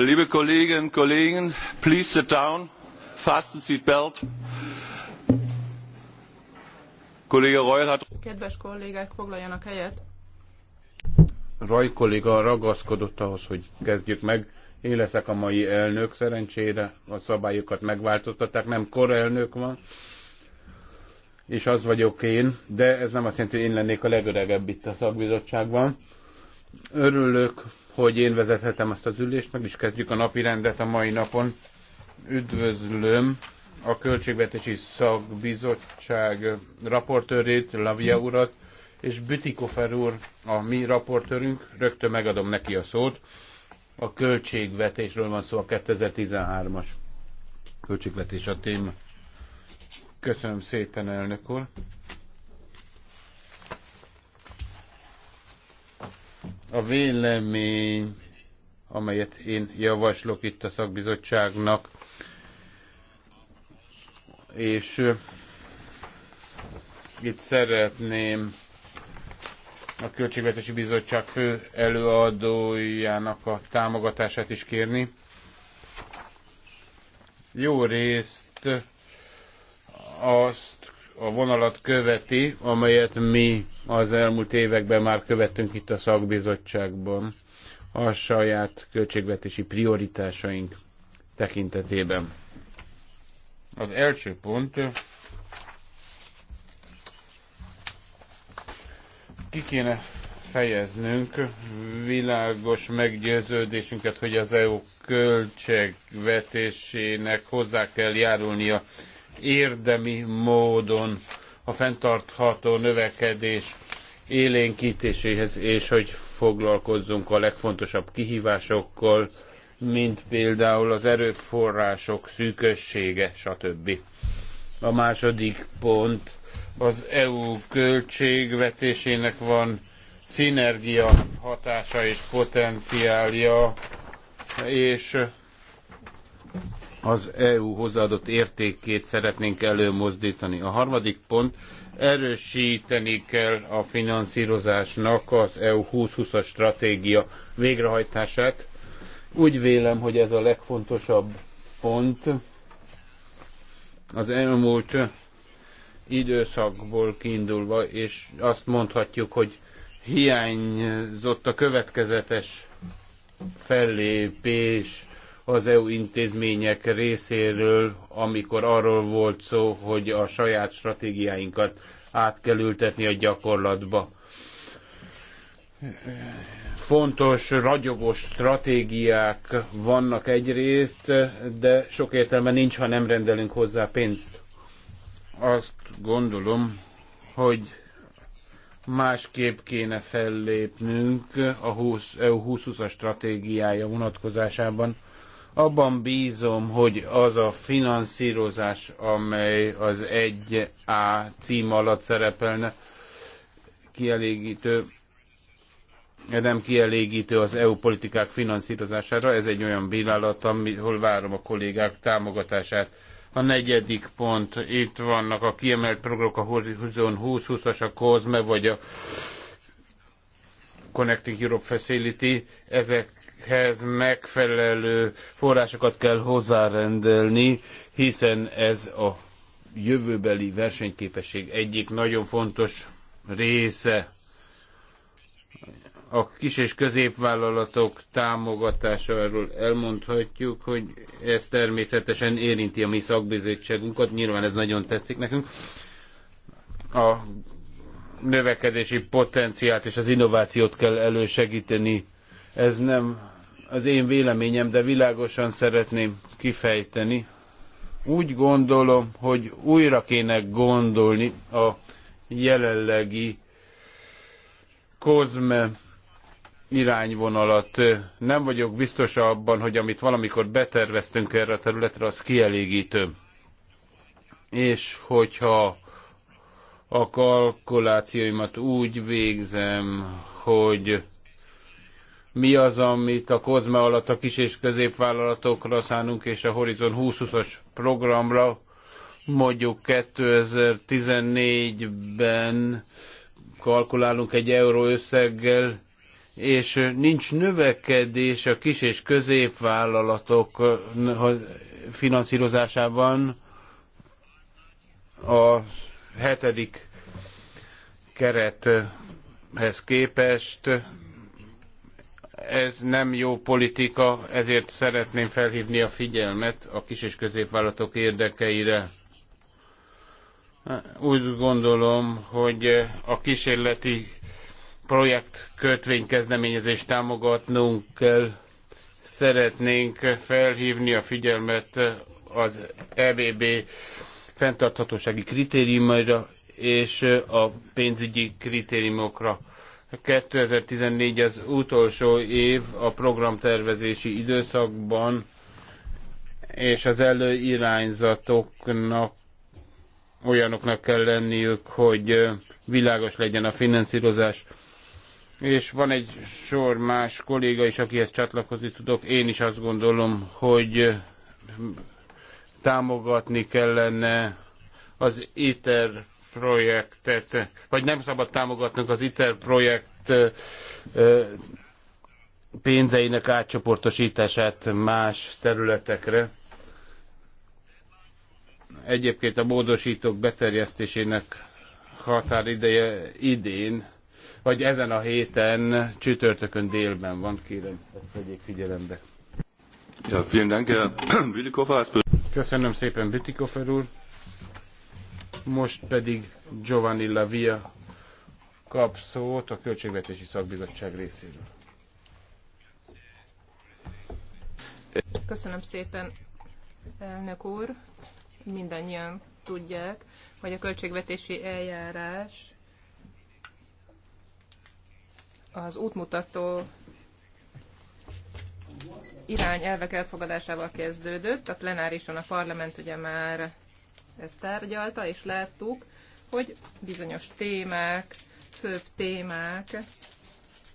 Liebe Kolleginnen und Kollegen, please sit down, fasten seatbelt. Kollege Reul hat... Kedves kollégák, foglaljanak helyet. Raj kolléga ragaszkodott ahhoz, hogy kezdjük meg. Én leszek a mai elnök, szerencsére a szabályokat megváltoztatták, nem kor elnök van, és az vagyok én, de ez nem azt jelenti, hogy én lennék a legöregebb itt a szakbizottságban. Örülök, hogy én vezethetem azt az ülést, meg is kezdjük a napi rendet a mai napon. Üdvözlöm a Költségvetési Szakbizottság raportőrét, Lavia urat, és Bütikofer úr a mi raportőrünk. Rögtön megadom neki a szót. A költségvetésről van szó, a 2013-as költségvetés a téma. Köszönöm szépen, elnök úr. A vélemény, amelyet én javaslok itt a szakbizottságnak, és itt szeretném a Költségvetési Bizottság fő előadójának a támogatását is kérni. Jó részt azt a vonalat követi, amelyet mi az elmúlt években már követtünk itt a szakbizottságban a saját költségvetési prioritásaink tekintetében. Az első pont ki kéne fejeznünk világos meggyőződésünket, hogy az EU költségvetésének hozzá kell járulnia érdemi módon a fenntartható növekedés élénkítéséhez, és hogy foglalkozzunk a legfontosabb kihívásokkal, mint például az erőforrások szűkössége, stb. A második pont az EU költségvetésének van szinergia hatása és potenciálja, és az EU hozzáadott értékét szeretnénk előmozdítani. A harmadik pont, erősíteni kell a finanszírozásnak az EU 2020-as stratégia végrehajtását. Úgy vélem, hogy ez a legfontosabb pont. Az elmúlt időszakból kiindulva, és azt mondhatjuk, hogy hiányzott a következetes fellépés az EU intézmények részéről, amikor arról volt szó, hogy a saját stratégiáinkat át kell ültetni a gyakorlatba. Fontos, ragyogós stratégiák vannak egyrészt, de sok értelme nincs, ha nem rendelünk hozzá pénzt. Azt gondolom, hogy másképp kéne fellépnünk a 20, EU 2020-as stratégiája vonatkozásában. Abban bízom, hogy az a finanszírozás, amely az 1A cím alatt szerepelne, kielégítő, nem kielégítő az EU politikák finanszírozására. Ez egy olyan bírálat, ahol várom a kollégák támogatását. A negyedik pont, itt vannak a kiemelt programok, a Horizon 2020-as, a COSME, vagy a Connecting Europe Facility, ezek ezekhez megfelelő forrásokat kell hozzárendelni, hiszen ez a jövőbeli versenyképesség egyik nagyon fontos része. A kis és középvállalatok támogatása, erről elmondhatjuk, hogy ez természetesen érinti a mi szakbizottságunkat, nyilván ez nagyon tetszik nekünk. A növekedési potenciált és az innovációt kell elősegíteni. Ez nem az én véleményem, de világosan szeretném kifejteni. Úgy gondolom, hogy újra kéne gondolni a jelenlegi kozme irányvonalat. Nem vagyok biztos abban, hogy amit valamikor beterveztünk erre a területre, az kielégítő. És hogyha a kalkulációimat úgy végzem, hogy mi az, amit a COSME alatt a kis és középvállalatokra szánunk, és a Horizon 2020-as programra mondjuk 2014-ben kalkulálunk egy euró összeggel, és nincs növekedés a kis és középvállalatok finanszírozásában a hetedik kerethez képest ez nem jó politika, ezért szeretném felhívni a figyelmet a kis és középvállalatok érdekeire. Úgy gondolom, hogy a kísérleti projekt kezdeményezést támogatnunk kell. Szeretnénk felhívni a figyelmet az EBB fenntarthatósági kritériumaira és a pénzügyi kritériumokra 2014 az utolsó év a programtervezési időszakban, és az előirányzatoknak olyanoknak kell lenniük, hogy világos legyen a finanszírozás. És van egy sor más kolléga is, akihez csatlakozni tudok. Én is azt gondolom, hogy támogatni kellene az ITER projektet, vagy nem szabad támogatnunk az ITER projekt pénzeinek átcsoportosítását más területekre. Egyébként a módosítók beterjesztésének határideje idén, vagy ezen a héten, csütörtökön délben van, kérem, ezt vegyék figyelembe. Ja, vielen Dank, Herr Köszönöm szépen, Bütikofer úr. Most pedig Giovanni Lavia kap szót a Költségvetési Szakbizottság részéről. Köszönöm szépen, elnök úr. Mindannyian tudják, hogy a költségvetési eljárás az útmutató irányelvek elfogadásával kezdődött. A plenárison a parlament ugye már ezt tárgyalta, és láttuk, hogy bizonyos témák, főbb témák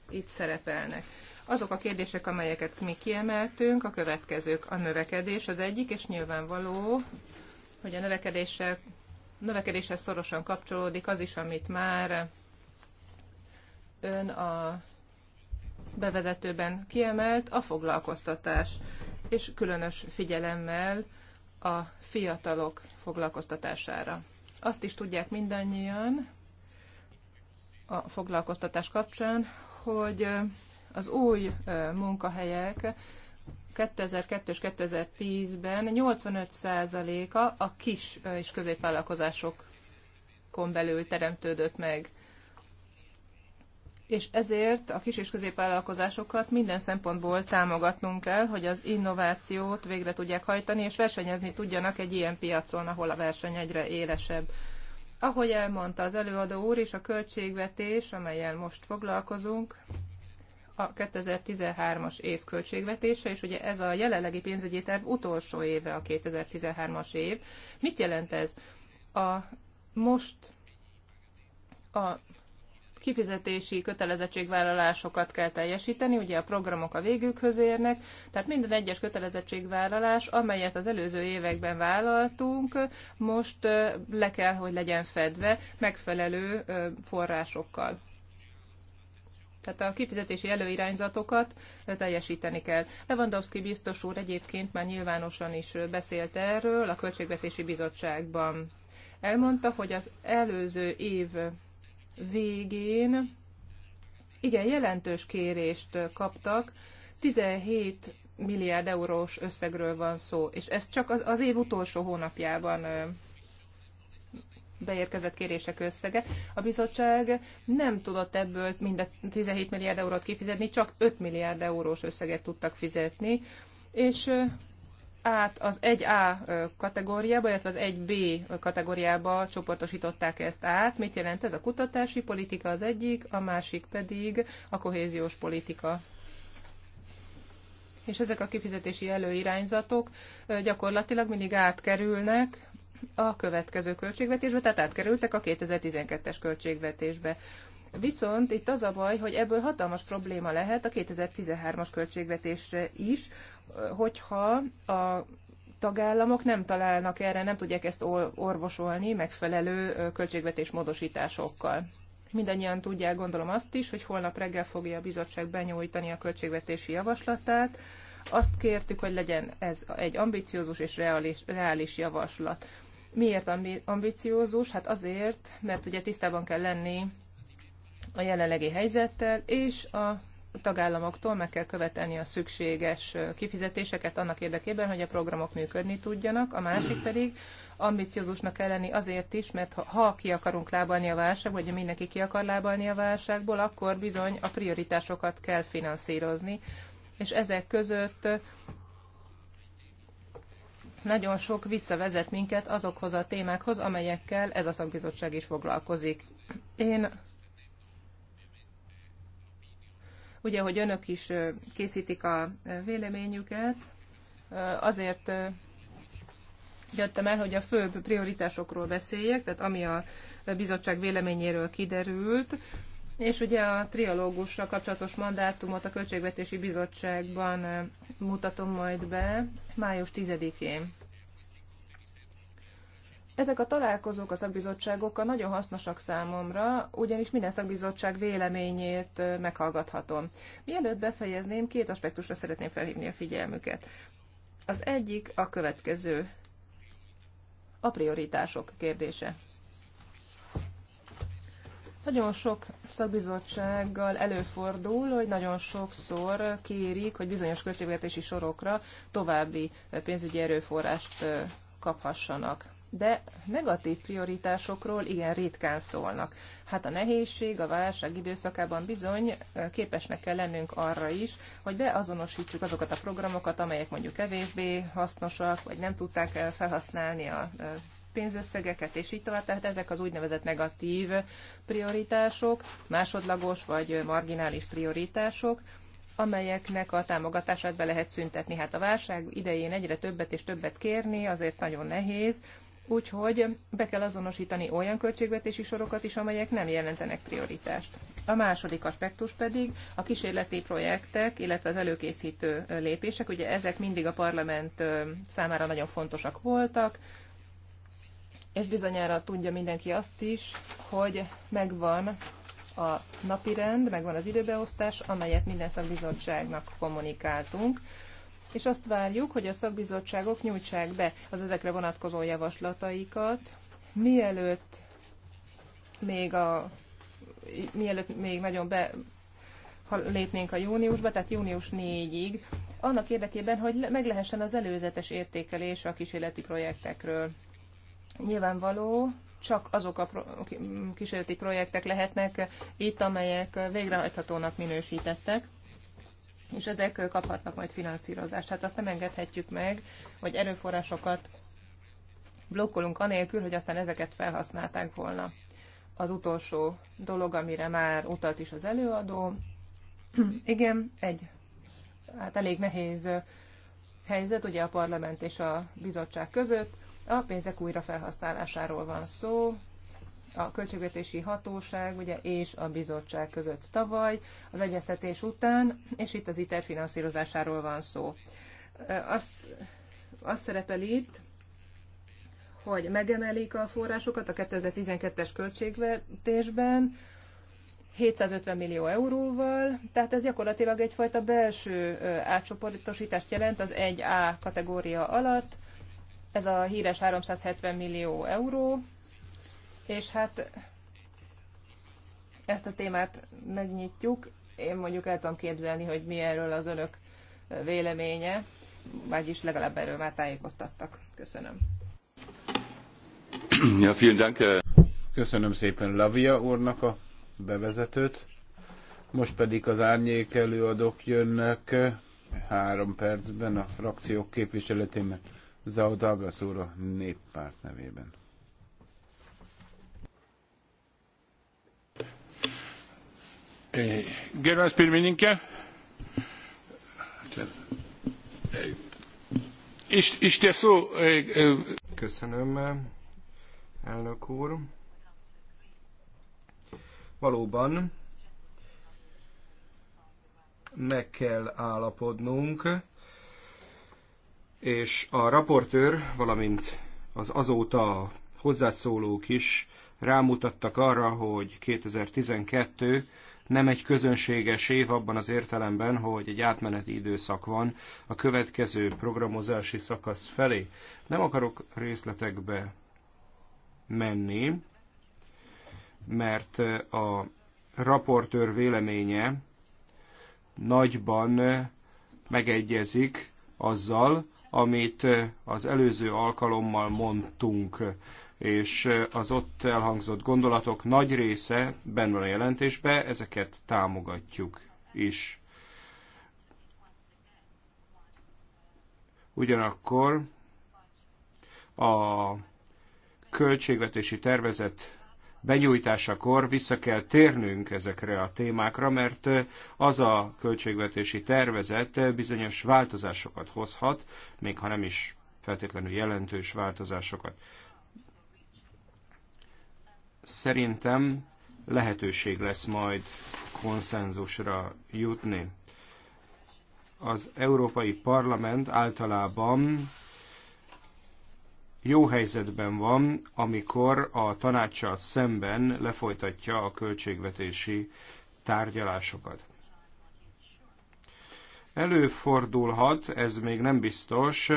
itt szerepelnek. Azok a kérdések, amelyeket mi kiemeltünk, a következők. A növekedés az egyik, és nyilvánvaló, hogy a növekedéssel, növekedéssel szorosan kapcsolódik az is, amit már ön a bevezetőben kiemelt, a foglalkoztatás, és különös figyelemmel a fiatalok foglalkoztatására. Azt is tudják mindannyian a foglalkoztatás kapcsán, hogy az új munkahelyek 2002 2010-ben 85%-a a kis és középvállalkozásokon belül teremtődött meg és ezért a kis és középvállalkozásokat minden szempontból támogatnunk kell, hogy az innovációt végre tudják hajtani, és versenyezni tudjanak egy ilyen piacon, ahol a verseny egyre élesebb. Ahogy elmondta az előadó úr is, a költségvetés, amelyel most foglalkozunk, a 2013-as év költségvetése, és ugye ez a jelenlegi pénzügyi terv utolsó éve a 2013-as év. Mit jelent ez? A most a kifizetési kötelezettségvállalásokat kell teljesíteni, ugye a programok a végükhöz érnek, tehát minden egyes kötelezettségvállalás, amelyet az előző években vállaltunk, most le kell, hogy legyen fedve megfelelő forrásokkal. Tehát a kifizetési előirányzatokat teljesíteni kell. Lewandowski biztos úr egyébként már nyilvánosan is beszélt erről a Költségvetési Bizottságban. Elmondta, hogy az előző év végén igen jelentős kérést kaptak, 17 milliárd eurós összegről van szó, és ez csak az, az év utolsó hónapjában beérkezett kérések összege. A bizottság nem tudott ebből mind a 17 milliárd eurót kifizetni, csak 5 milliárd eurós összeget tudtak fizetni, és át az 1A kategóriába, illetve az 1B kategóriába csoportosították ezt át. Mit jelent ez? A kutatási politika az egyik, a másik pedig a kohéziós politika. És ezek a kifizetési előirányzatok gyakorlatilag mindig átkerülnek a következő költségvetésbe, tehát átkerültek a 2012-es költségvetésbe. Viszont itt az a baj, hogy ebből hatalmas probléma lehet a 2013-as költségvetésre is, hogyha a tagállamok nem találnak erre, nem tudják ezt orvosolni megfelelő költségvetés módosításokkal. Mindannyian tudják, gondolom azt is, hogy holnap reggel fogja a bizottság benyújtani a költségvetési javaslatát. Azt kértük, hogy legyen ez egy ambiciózus és reális, reális javaslat. Miért ambiciózus? Hát azért, mert ugye tisztában kell lenni a jelenlegi helyzettel, és a tagállamoktól meg kell követelni a szükséges kifizetéseket annak érdekében, hogy a programok működni tudjanak, a másik pedig ambiciózusnak kell lenni azért is, mert ha, ha ki akarunk lábalni a válság, vagy mindenki ki akar lábalni a válságból, akkor bizony a prioritásokat kell finanszírozni, és ezek között nagyon sok visszavezet minket azokhoz a témákhoz, amelyekkel ez a szakbizottság is foglalkozik. Én Ugye, hogy önök is készítik a véleményüket, azért jöttem el, hogy a főbb prioritásokról beszéljek, tehát ami a bizottság véleményéről kiderült, és ugye a trialógusra kapcsolatos mandátumot a Költségvetési Bizottságban mutatom majd be május 10-én. Ezek a találkozók a szakbizottságokkal nagyon hasznosak számomra, ugyanis minden szakbizottság véleményét meghallgathatom. Mielőtt befejezném, két aspektusra szeretném felhívni a figyelmüket. Az egyik a következő. A prioritások kérdése. Nagyon sok szakbizottsággal előfordul, hogy nagyon sokszor kérik, hogy bizonyos költségvetési sorokra további pénzügyi erőforrást kaphassanak de negatív prioritásokról igen ritkán szólnak. Hát a nehézség, a válság időszakában bizony képesnek kell lennünk arra is, hogy beazonosítsuk azokat a programokat, amelyek mondjuk kevésbé hasznosak, vagy nem tudták felhasználni a pénzösszegeket, és így tovább. Tehát ezek az úgynevezett negatív prioritások, másodlagos vagy marginális prioritások, amelyeknek a támogatását be lehet szüntetni. Hát a válság idején egyre többet és többet kérni azért nagyon nehéz, Úgyhogy be kell azonosítani olyan költségvetési sorokat is, amelyek nem jelentenek prioritást. A második aspektus pedig a kísérleti projektek, illetve az előkészítő lépések. Ugye ezek mindig a parlament számára nagyon fontosak voltak, és bizonyára tudja mindenki azt is, hogy megvan a rend, megvan az időbeosztás, amelyet minden szakbizottságnak kommunikáltunk és azt várjuk, hogy a szakbizottságok nyújtsák be az ezekre vonatkozó javaslataikat, mielőtt még a mielőtt még nagyon be lépnénk a júniusba, tehát június 4-ig, annak érdekében, hogy meg lehessen az előzetes értékelés a kísérleti projektekről. Nyilvánvaló, csak azok a kísérleti projektek lehetnek itt, amelyek végrehajthatónak minősítettek és ezek kaphatnak majd finanszírozást. Hát azt nem engedhetjük meg, hogy erőforrásokat blokkolunk anélkül, hogy aztán ezeket felhasználták volna. Az utolsó dolog, amire már utalt is az előadó, igen, egy hát elég nehéz helyzet ugye a parlament és a bizottság között. A pénzek újra felhasználásáról van szó, a költségvetési hatóság ugye, és a bizottság között tavaly az egyeztetés után, és itt az ITER finanszírozásáról van szó. Azt, azt szerepel itt, hogy megemelik a forrásokat a 2012-es költségvetésben 750 millió euróval, tehát ez gyakorlatilag egyfajta belső átcsoportosítást jelent az 1A kategória alatt, ez a híres 370 millió euró, és hát ezt a témát megnyitjuk. Én mondjuk el tudom képzelni, hogy mi erről az önök véleménye, vagyis legalább erről már tájékoztattak. Köszönöm. Ja, vielen Dank. Köszönöm szépen Lavia úrnak a bevezetőt. Most pedig az árnyék előadók jönnek három percben a frakciók képviseletében. Zaudagas úr a néppárt nevében. Gerbiamas pirmininkė, iš, iš tiesų. Äh, äh, Köszönöm, elnök úr. Valóban meg kell állapodnunk, és a raportőr, valamint az azóta hozzászólók is rámutattak arra, hogy 2012 nem egy közönséges év abban az értelemben, hogy egy átmeneti időszak van a következő programozási szakasz felé. Nem akarok részletekbe menni, mert eh, a raportőr véleménye nagyban eh, megegyezik azzal, amit eh, az előző alkalommal mondtunk és az ott elhangzott gondolatok nagy része benne van a jelentésbe, ezeket támogatjuk is. Ugyanakkor a költségvetési tervezet benyújtásakor vissza kell térnünk ezekre a témákra, mert az a költségvetési tervezet bizonyos változásokat hozhat, még ha nem is feltétlenül jelentős változásokat szerintem lehetőség lesz majd konszenzusra jutni. Az Európai Parlament általában jó helyzetben van, amikor a tanácssal szemben lefolytatja a költségvetési tárgyalásokat. Előfordulhat, ez még nem biztos,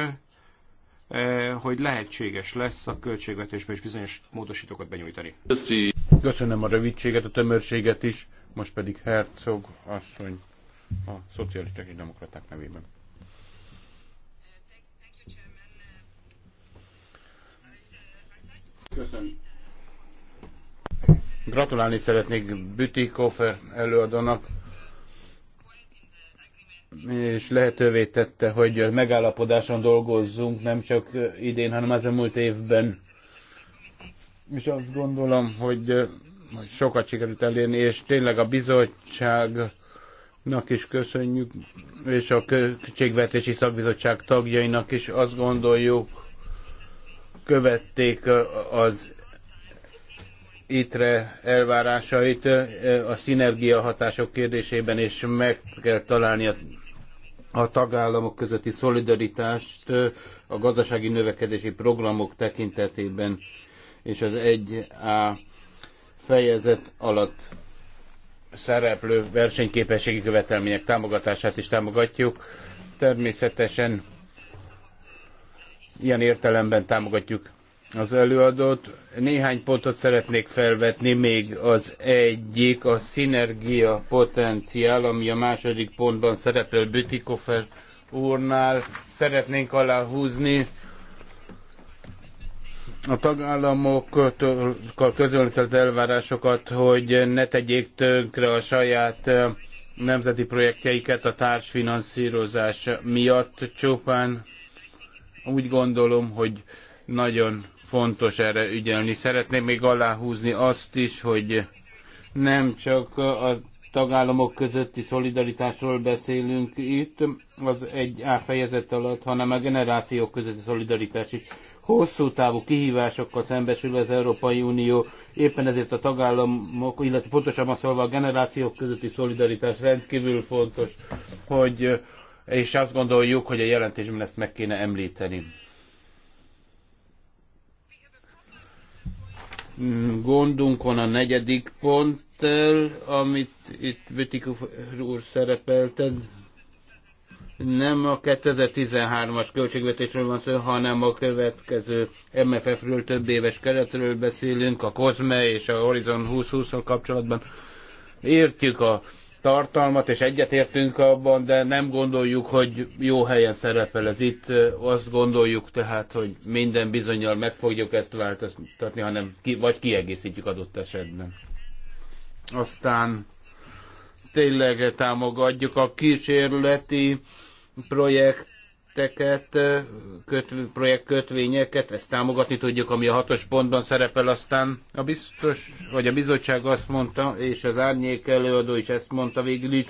Eh, hogy lehetséges lesz a költségvetésben is bizonyos módosítókat benyújtani. Köszönöm a rövidséget, a tömörséget is, most pedig Herzog asszony a szocialisták és demokraták nevében. Köszönöm. Gratulálni szeretnék Bütikofer előadónak és lehetővé tette, hogy megállapodáson dolgozzunk, nem csak idén, hanem az elmúlt évben. És azt gondolom, hogy, hogy sokat sikerült elérni, és tényleg a bizottságnak is köszönjük, és a Költségvetési Szakbizottság tagjainak is azt gondoljuk, követték az ITRE elvárásait a szinergia hatások kérdésében, és meg kell találni a a tagállamok közötti szolidaritást a gazdasági növekedési programok tekintetében és az 1A fejezet alatt szereplő versenyképességi követelmények támogatását is támogatjuk. Természetesen ilyen értelemben támogatjuk az előadót. Néhány pontot szeretnék felvetni, még az egyik, a szinergia potenciál, ami a második pontban szerepel Bütikofer úrnál. Szeretnénk aláhúzni a tagállamokkal közölni az elvárásokat, hogy ne tegyék tönkre a saját eh, nemzeti projektjeiket a társfinanszírozás miatt csupán. Úgy gondolom, hogy nagyon fontos erre ügyelni. Szeretném még aláhúzni azt is, hogy nem csak a tagállamok közötti szolidaritásról beszélünk itt, az egy áfejezet alatt, hanem a generációk közötti szolidaritás is. Hosszú távú kihívásokkal szembesül az Európai Unió, éppen ezért a tagállamok, illetve pontosabban szólva a generációk közötti szolidaritás rendkívül fontos, hogy és azt gondoljuk, hogy a jelentésben ezt meg kéne említeni. gondunk van a negyedik ponttel, amit itt Bütikuf úr szerepelted. Nem a 2013-as költségvetésről van szó, hanem a következő MFF-ről, több éves keretről beszélünk, a COSME és a Horizon 2020 kapcsolatban. Értjük a tartalmat, és egyetértünk abban, de nem gondoljuk, hogy jó helyen szerepel ez itt. Azt gondoljuk tehát, hogy minden bizonyal meg fogjuk ezt változtatni, hanem ki, vagy kiegészítjük adott esetben. Aztán tényleg támogatjuk a kísérleti projekt projekteket, projekt projektkötvényeket, ezt támogatni tudjuk, ami a hatos pontban szerepel, aztán a biztos, vagy a bizottság azt mondta, és az árnyék előadó is ezt mondta végül is,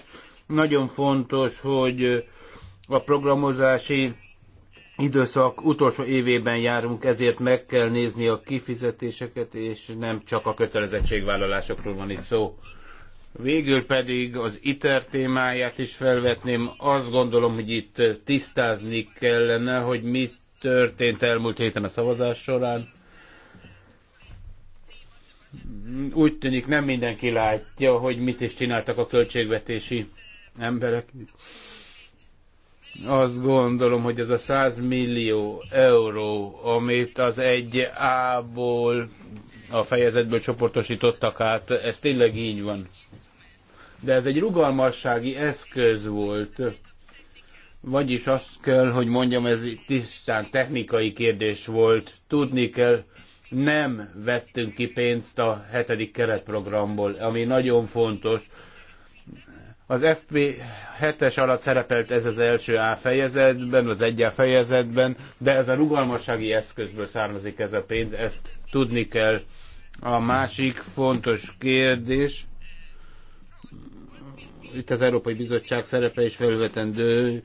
nagyon fontos, hogy a programozási időszak utolsó évében járunk, ezért meg kell nézni a kifizetéseket, és nem csak a kötelezettségvállalásokról van itt szó. Végül pedig az ITER témáját is felvetném. Azt gondolom, hogy itt tisztázni kellene, hogy mi történt elmúlt héten a szavazás során. Úgy tűnik nem mindenki látja, hogy mit is csináltak a költségvetési emberek. Azt gondolom, hogy ez a 100 millió euró, amit az egy A-ból a fejezetből csoportosítottak át, ez tényleg így van de ez egy rugalmassági eszköz volt. Vagyis azt kell, hogy mondjam, ez tisztán technikai kérdés volt. Tudni kell, nem vettünk ki pénzt a hetedik keretprogramból, ami nagyon fontos. Az FP7-es alatt szerepelt ez az első A fejezetben, az egy A fejezetben, de ez a rugalmassági eszközből származik ez a pénz, ezt tudni kell. A másik fontos kérdés, itt az Európai Bizottság szerepe is felvetendő.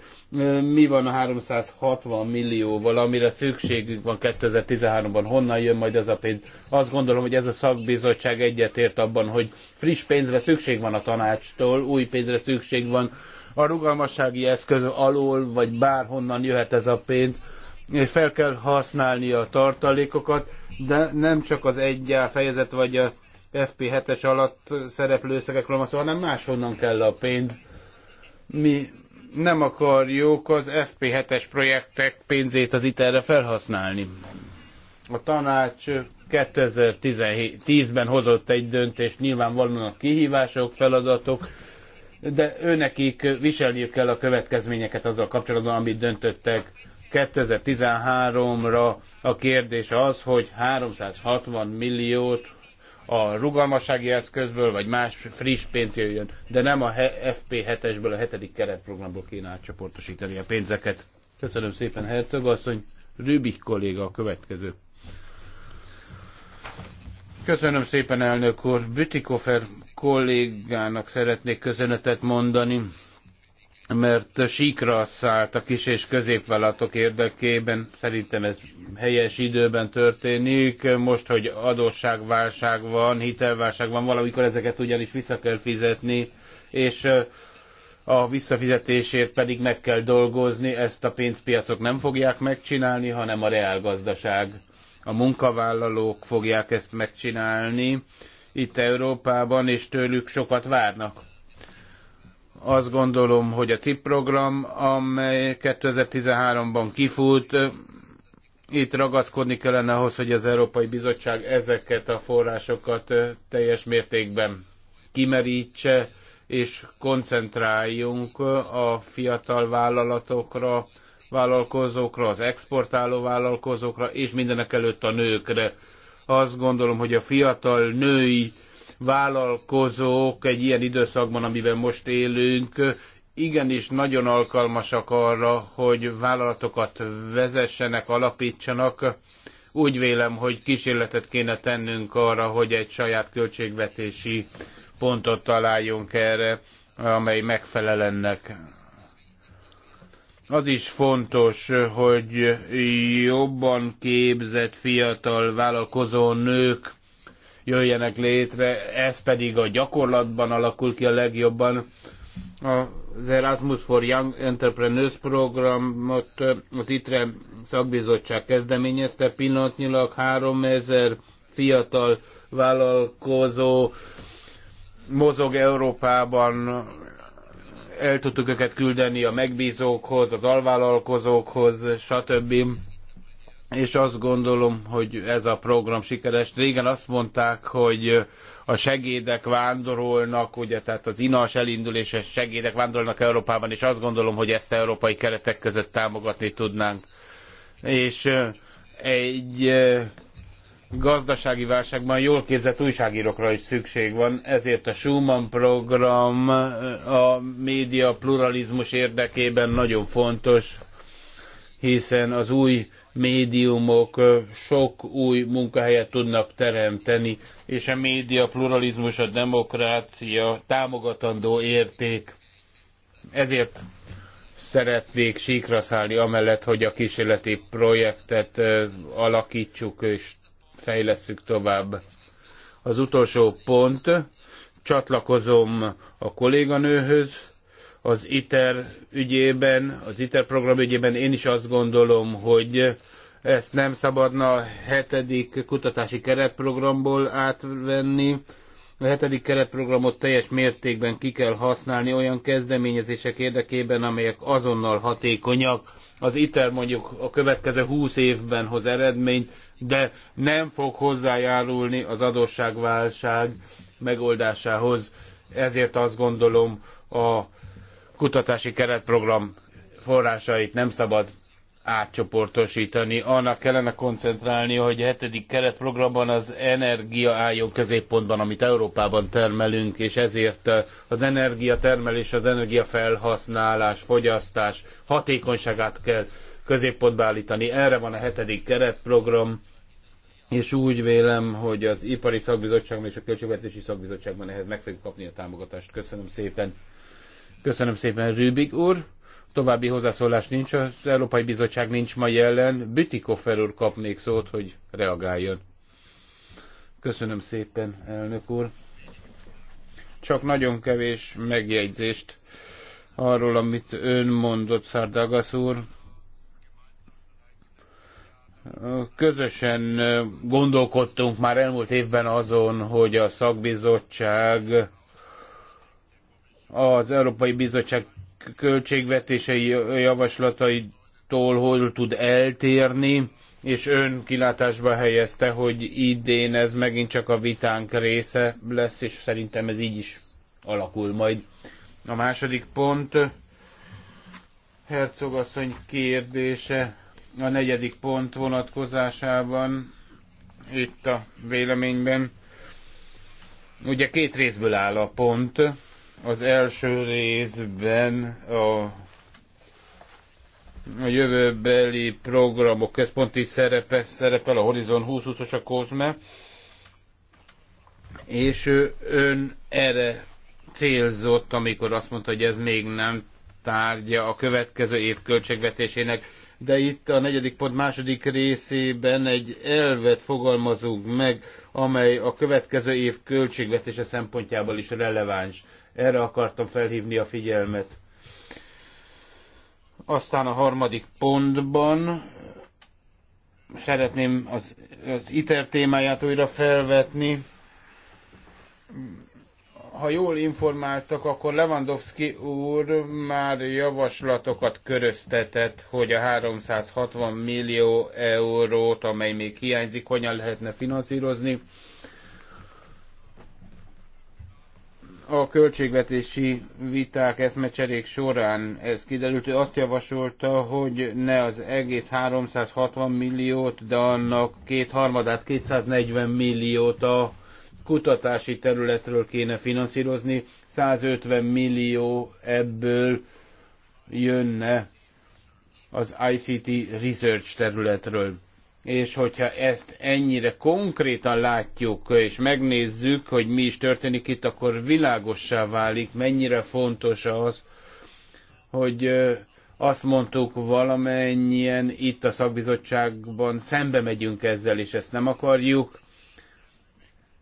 Mi van a 360 millióval, amire szükségünk van 2013-ban? Honnan jön majd ez a pénz? Azt gondolom, hogy ez a szakbizottság egyetért abban, hogy friss pénzre szükség van a tanácstól, új pénzre szükség van a rugalmassági eszköz alól, vagy bárhonnan jöhet ez a pénz, és fel kell használni a tartalékokat, de nem csak az egyá fejezet, vagy a FP7-es alatt szereplő összegekről van szó, hanem máshonnan kell a pénz. Mi nem akarjuk az FP7-es projektek pénzét az ITER-re felhasználni. A tanács 2010-ben hozott egy döntést, nyilván a kihívások, feladatok, de őnekik viselniük kell a következményeket azzal kapcsolatban, amit döntöttek. 2013-ra a kérdés az, hogy 360 milliót a rugalmassági eszközből, vagy más friss pénz jöjjön, de nem a FP7-esből, a hetedik keretprogramból kéne átcsoportosítani a pénzeket. Köszönöm szépen, Herzog asszony. Rübik kolléga a következő. Köszönöm szépen, elnök úr. Bütikofer kollégának szeretnék köszönetet mondani mert síkra szállt a kis és középvállalatok érdekében. Szerintem ez helyes időben történik. Most, hogy adósságválság van, hitelválság van, valamikor ezeket ugyanis vissza kell fizetni, és a visszafizetésért pedig meg kell dolgozni, ezt a pénzpiacok nem fogják megcsinálni, hanem a reálgazdaság. A munkavállalók fogják ezt megcsinálni itt Európában, és tőlük sokat várnak azt gondolom, hogy a TIP program, amely 2013-ban kifut, itt ragaszkodni kellene ahhoz, hogy az Európai Bizottság ezeket a forrásokat teljes mértékben kimerítse, és koncentráljunk a fiatal vállalatokra, vállalkozókra, az exportáló vállalkozókra, és mindenek előtt a nőkre. Azt gondolom, hogy a fiatal női vállalkozók egy ilyen időszakban, amiben most élünk, igenis nagyon alkalmasak arra, hogy vállalatokat vezessenek, alapítsanak. Úgy vélem, hogy kísérletet kéne tennünk arra, hogy egy saját költségvetési pontot találjunk erre, amely megfelel ennek. Az is fontos, hogy jobban képzett fiatal vállalkozó nők jöjjenek létre, ez pedig a gyakorlatban alakul ki a legjobban. Az Erasmus for Young Entrepreneurs programot az ITRE szakbizottság kezdeményezte, pillanatnyilag 3000 fiatal vállalkozó mozog Európában, el tudtuk őket küldeni a megbízókhoz, az alvállalkozókhoz, stb és azt gondolom, hogy ez a program sikeres. Régen azt mondták, hogy a segédek vándorolnak, ugye, tehát az inas elindulése segédek vándorolnak Európában, és azt gondolom, hogy ezt európai keretek között támogatni tudnánk. És egy gazdasági válságban jól képzett újságírókra is szükség van, ezért a Schumann program a média pluralizmus érdekében nagyon fontos hiszen az új médiumok sok új munkahelyet tudnak teremteni, és a média pluralizmus, a demokrácia támogatandó érték. Ezért szeretnék síkra szállni, amellett, hogy a kísérleti projektet alakítsuk és fejlesszük tovább. Az utolsó pont, csatlakozom a kolléganőhöz, az ITER ügyében, az ITER program ügyében én is azt gondolom, hogy ezt nem szabadna a hetedik kutatási keretprogramból átvenni. A hetedik keretprogramot teljes mértékben ki kell használni olyan kezdeményezések érdekében, amelyek azonnal hatékonyak. Az ITER mondjuk a következő 20 évben hoz eredményt, de nem fog hozzájárulni az adósságválság megoldásához. Ezért azt gondolom, a kutatási keretprogram forrásait nem szabad átcsoportosítani. Annak kellene koncentrálni, hogy a hetedik keretprogramban az energia álljon középpontban, amit Európában termelünk, és ezért az energiatermelés, az energiafelhasználás, fogyasztás hatékonyságát kell középpontba állítani. Erre van a hetedik keretprogram, és úgy vélem, hogy az Ipari Szakbizottságban és a Költségvetési Szakbizottságban ehhez meg fogjuk kapni a támogatást. Köszönöm szépen! Köszönöm szépen, Rübig úr. További hozzászólás nincs, az Európai Bizottság nincs ma jelen. Bütikoffer úr kap még szót, hogy reagáljon. Köszönöm szépen, elnök úr. Csak nagyon kevés megjegyzést arról, amit ön mondott, Szardagasz úr. Közösen gondolkodtunk már elmúlt évben azon, hogy a szakbizottság az Európai Bizottság költségvetései javaslataitól hol tud eltérni, és ön kilátásba helyezte, hogy idén ez megint csak a vitánk része lesz, és szerintem ez így is alakul majd. A második pont, Hercogasszony kérdése a negyedik pont vonatkozásában, itt a véleményben. Ugye két részből áll a pont az első részben a, a jövőbeli programok központi szerepe szerepel a Horizon 2020-os a Kozme, és ön erre célzott, amikor azt mondta, hogy ez még nem tárgya a következő év költségvetésének, de itt a negyedik pont második részében egy elvet fogalmazunk meg, amely a következő év költségvetése szempontjából is releváns. Erre akartam felhívni a figyelmet. Aztán a harmadik pontban szeretném az, az ITER témáját újra felvetni. Ha jól informáltak, akkor Lewandowski úr már javaslatokat köröztetett, hogy a 360 millió eurót, amely még hiányzik, hogyan lehetne finanszírozni. a költségvetési viták eszmecserék során ez kiderült, ő azt javasolta, hogy ne az egész 360 milliót, de annak kétharmadát, 240 milliót a kutatási területről kéne finanszírozni, 150 millió ebből jönne az ICT Research területről és hogyha ezt ennyire konkrétan látjuk, és megnézzük, hogy mi is történik itt, akkor világossá válik, mennyire fontos az, hogy azt mondtuk valamennyien itt a szakbizottságban szembe megyünk ezzel, és ezt nem akarjuk.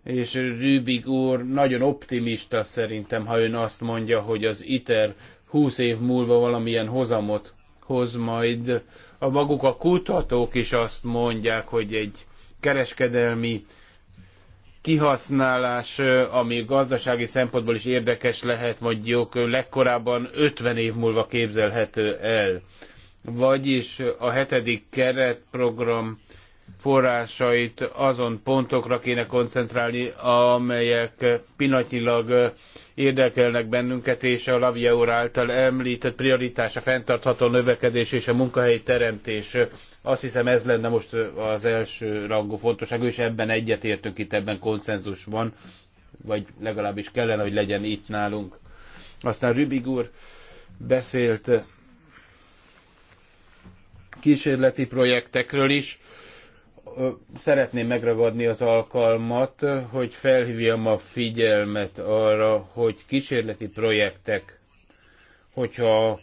És Rübig úr nagyon optimista szerintem, ha ön azt mondja, hogy az ITER 20 év múlva valamilyen hozamot hoz majd a maguk a kutatók is azt mondják, hogy egy kereskedelmi kihasználás, ami gazdasági szempontból is érdekes lehet, mondjuk legkorábban 50 év múlva képzelhető el. Vagyis a hetedik keretprogram forrásait azon pontokra kéne koncentrálni, amelyek pillanatnyilag érdekelnek bennünket, és a Lavia úr által említett prioritás a fenntartható növekedés és a munkahelyi teremtés. Azt hiszem ez lenne most az első rangú fontosság, és ebben egyetértünk itt, ebben konszenzus van, vagy legalábbis kellene, hogy legyen itt nálunk. Aztán Rübig úr beszélt kísérleti projektekről is, szeretném megragadni az alkalmat, hogy felhívjam a figyelmet arra, hogy kísérleti projektek, hogyha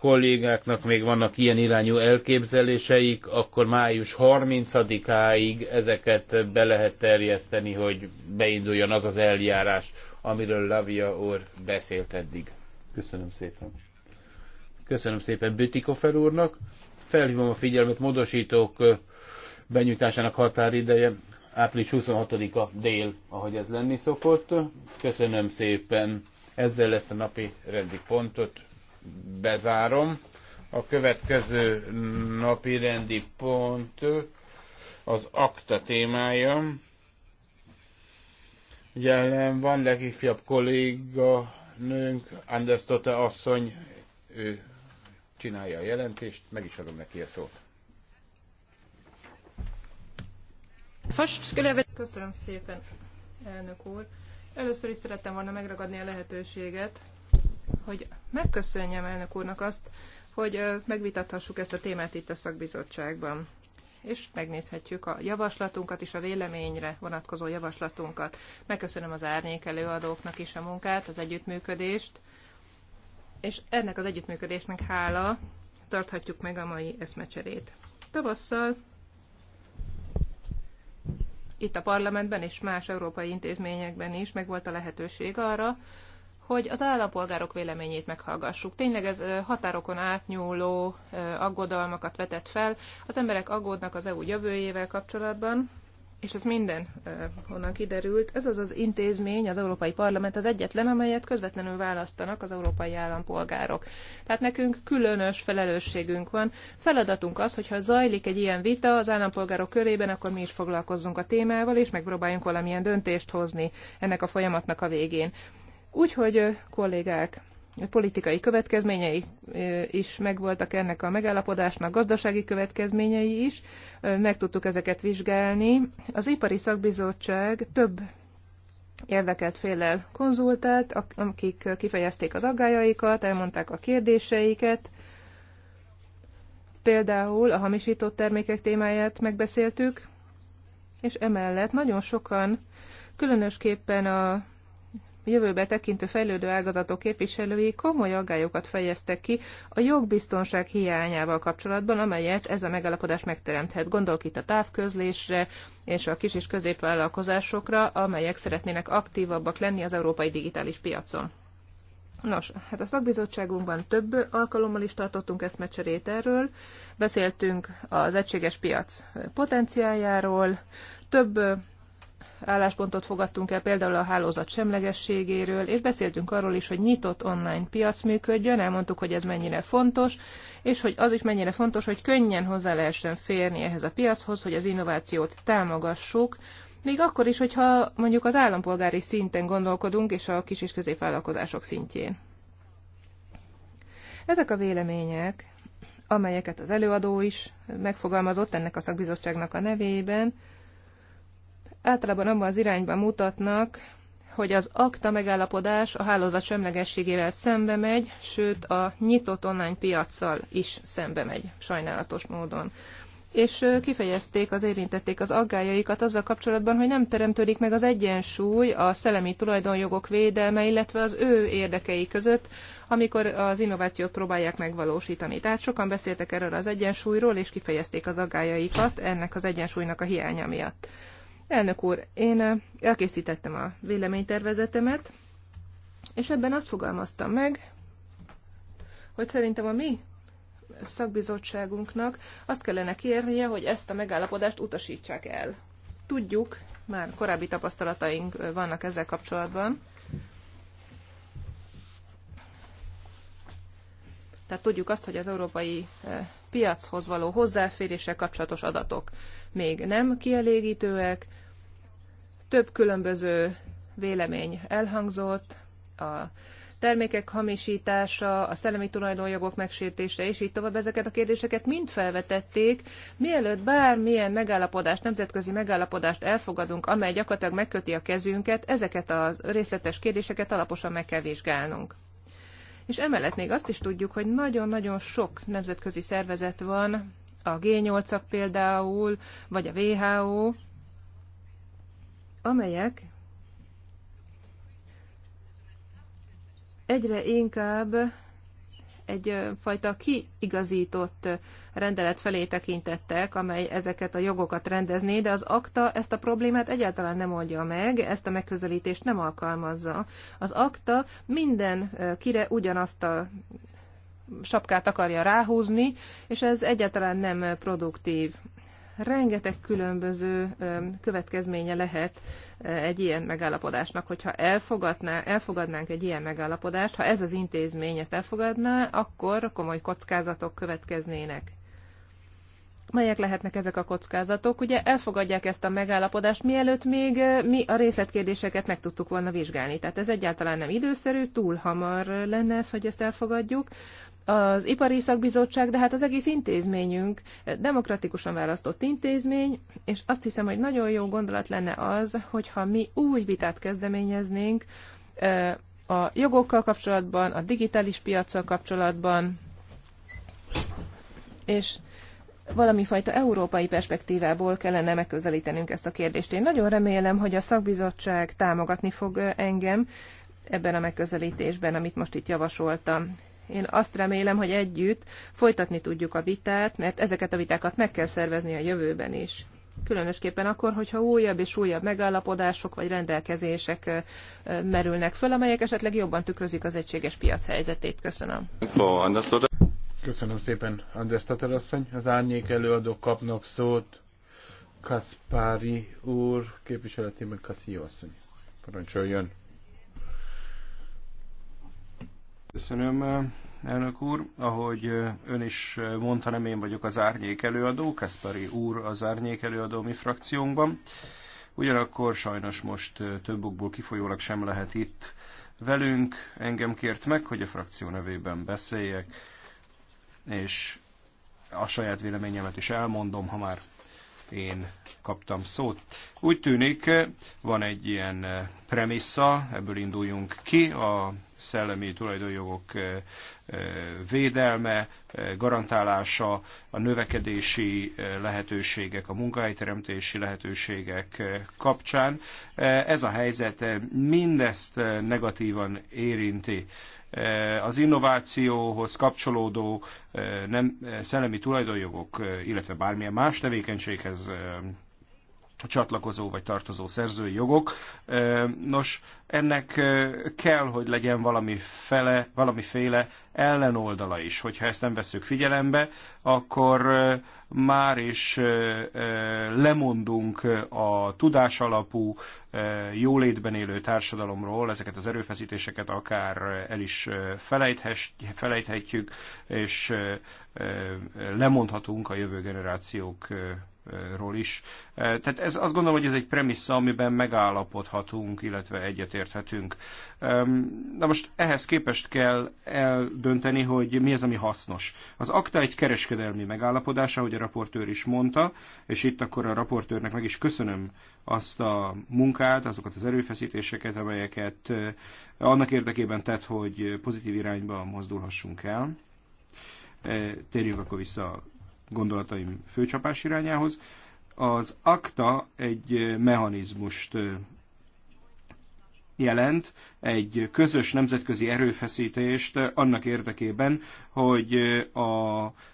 kollégáknak még vannak ilyen irányú elképzeléseik, akkor május 30-áig ezeket be lehet terjeszteni, hogy beinduljon az az eljárás, amiről Lavia úr beszélt eddig. Köszönöm szépen. Köszönöm szépen Bütikofer úrnak. Felhívom a figyelmet, módosítók benyújtásának határideje április 26-a dél, ahogy ez lenni szokott. Köszönöm szépen, ezzel ezt a napi rendi pontot bezárom. A következő napi rendi pont az akta témája. Jelen van legifjabb kolléga nőnk, Anders Tote asszony, ő csinálja a jelentést, meg is adom neki a szót. Köszönöm szépen, elnök úr. Először is szerettem volna megragadni a lehetőséget, hogy megköszönjem elnök úrnak azt, hogy megvitathassuk ezt a témát itt a szakbizottságban. És megnézhetjük a javaslatunkat is, a véleményre vonatkozó javaslatunkat. Megköszönöm az árnyék előadóknak is a munkát, az együttműködést. És ennek az együttműködésnek hála tarthatjuk meg a mai eszmecserét. Tavasszal itt a parlamentben és más európai intézményekben is megvolt a lehetőség arra, hogy az állampolgárok véleményét meghallgassuk. Tényleg ez határokon átnyúló aggodalmakat vetett fel. Az emberek aggódnak az EU jövőjével kapcsolatban, és ez minden honnan kiderült, ez az az intézmény, az Európai Parlament az egyetlen, amelyet közvetlenül választanak az európai állampolgárok. Tehát nekünk különös felelősségünk van. Feladatunk az, hogyha zajlik egy ilyen vita az állampolgárok körében, akkor mi is foglalkozzunk a témával, és megpróbáljunk valamilyen döntést hozni ennek a folyamatnak a végén. Úgyhogy kollégák, politikai következményei is megvoltak ennek a megállapodásnak, gazdasági következményei is, meg tudtuk ezeket vizsgálni. Az Ipari Szakbizottság több érdekelt féllel konzultált, akik kifejezték az aggájaikat, elmondták a kérdéseiket, Például a hamisított termékek témáját megbeszéltük, és emellett nagyon sokan, különösképpen a jövőbe tekintő fejlődő ágazatok képviselői komoly aggályokat fejeztek ki a jogbiztonság hiányával kapcsolatban, amelyet ez a megalapodás megteremthet. Gondolk itt a távközlésre és a kis és középvállalkozásokra, amelyek szeretnének aktívabbak lenni az európai digitális piacon. Nos, hát a szakbizottságunkban több alkalommal is tartottunk eszmecserét erről, beszéltünk az egységes piac potenciáljáról, több álláspontot fogadtunk el például a hálózat semlegességéről, és beszéltünk arról is, hogy nyitott online piac működjön, elmondtuk, hogy ez mennyire fontos, és hogy az is mennyire fontos, hogy könnyen hozzá lehessen férni ehhez a piachoz, hogy az innovációt támogassuk, még akkor is, hogyha mondjuk az állampolgári szinten gondolkodunk, és a kis és középvállalkozások szintjén. Ezek a vélemények, amelyeket az előadó is megfogalmazott ennek a szakbizottságnak a nevében, általában abban az irányban mutatnak, hogy az akta megállapodás a hálózat semlegességével szembe megy, sőt a nyitott online piaccal is szembe megy, sajnálatos módon. És kifejezték, az érintették az aggájaikat azzal kapcsolatban, hogy nem teremtődik meg az egyensúly a szellemi tulajdonjogok védelme, illetve az ő érdekei között, amikor az innovációt próbálják megvalósítani. Tehát sokan beszéltek erről az egyensúlyról, és kifejezték az aggájaikat ennek az egyensúlynak a hiánya miatt. Elnök úr, én elkészítettem a véleménytervezetemet, és ebben azt fogalmaztam meg, hogy szerintem a mi szakbizottságunknak azt kellene kérnie, hogy ezt a megállapodást utasítsák el. Tudjuk, már korábbi tapasztalataink vannak ezzel kapcsolatban, Tehát tudjuk azt, hogy az európai piachoz való hozzáféréssel kapcsolatos adatok még nem kielégítőek, több különböző vélemény elhangzott, a termékek hamisítása, a szellemi tulajdonjogok megsértése, és így tovább ezeket a kérdéseket mind felvetették, mielőtt bármilyen megállapodást, nemzetközi megállapodást elfogadunk, amely gyakorlatilag megköti a kezünket, ezeket a részletes kérdéseket alaposan meg kell vizsgálnunk. És emellett még azt is tudjuk, hogy nagyon-nagyon sok nemzetközi szervezet van, a G8-ak például, vagy a WHO, amelyek egyre inkább egyfajta kiigazított rendelet felé tekintettek, amely ezeket a jogokat rendezné, de az akta ezt a problémát egyáltalán nem oldja meg, ezt a megközelítést nem alkalmazza. Az akta minden kire ugyanazt a sapkát akarja ráhúzni, és ez egyáltalán nem produktív rengeteg különböző következménye lehet egy ilyen megállapodásnak, hogyha elfogadná, elfogadnánk egy ilyen megállapodást, ha ez az intézmény ezt elfogadná, akkor komoly kockázatok következnének. Melyek lehetnek ezek a kockázatok? Ugye elfogadják ezt a megállapodást, mielőtt még mi a részletkérdéseket meg tudtuk volna vizsgálni. Tehát ez egyáltalán nem időszerű, túl hamar lenne ez, hogy ezt elfogadjuk az Ipari Szakbizottság, de hát az egész intézményünk eh, demokratikusan választott intézmény, és azt hiszem, hogy nagyon jó gondolat lenne az, hogyha mi úgy vitát kezdeményeznénk eh, a jogokkal kapcsolatban, a digitális piacsal kapcsolatban, és valami fajta európai perspektívából kellene megközelítenünk ezt a kérdést. Én nagyon remélem, hogy a szakbizottság támogatni fog eh, engem ebben a megközelítésben, amit most itt javasoltam. Én azt remélem, hogy együtt folytatni tudjuk a vitát, mert ezeket a vitákat meg kell szervezni a jövőben is. Különösképpen akkor, hogyha újabb és újabb megállapodások vagy rendelkezések merülnek föl, amelyek esetleg jobban tükrözik az egységes piac helyzetét. Köszönöm. Köszönöm szépen, András Tatarasszony. Az árnyék előadók kapnak szót. Kaspári úr képviseletében Kasszió asszony. Parancsoljon. Köszönöm, elnök úr. Ahogy ön is mondta, nem én vagyok az árnyék előadó, Kaspari úr az árnyék előadó mi frakciónkban. Ugyanakkor sajnos most több okból kifolyólag sem lehet itt velünk. Engem kért meg, hogy a frakció nevében beszéljek, és a saját véleményemet is elmondom, ha már én kaptam szót. Úgy tűnik, van egy ilyen eh, premissza, ebből induljunk ki, a szellemi tulajdonjogok eh, eh, védelme, garantálása, a növekedési lehetőségek, a munkahelyteremtési lehetőségek kapcsán. Ez a helyzet mindezt negatívan érinti. Eh, az innovációhoz kapcsolódó eh, nem, eh, szellemi tulajdonjogok, illetve bármilyen más tevékenységhez csatlakozó vagy tartozó szerzői jogok. Nos, ennek kell, hogy legyen valami fele, valamiféle ellenoldala is. Hogyha ezt nem veszük figyelembe, akkor már is lemondunk a tudás alapú, jólétben élő társadalomról, ezeket az erőfeszítéseket akár el is felejthetjük, és lemondhatunk a jövő generációk ról is. E, tehát ez, azt gondolom, hogy ez egy premissza, amiben megállapodhatunk, illetve egyetérthetünk. E, na most ehhez képest kell eldönteni, hogy mi az, ami hasznos. Az akta egy kereskedelmi megállapodás, ahogy a raportőr is mondta, és itt akkor a raportőrnek meg is köszönöm azt a munkát, azokat az erőfeszítéseket, amelyeket e, annak érdekében tett, hogy pozitív irányba mozdulhassunk el. Térjünk akkor vissza gondolataim főcsapás irányához. Az akta egy mechanizmust jelent, egy közös nemzetközi erőfeszítést annak érdekében, hogy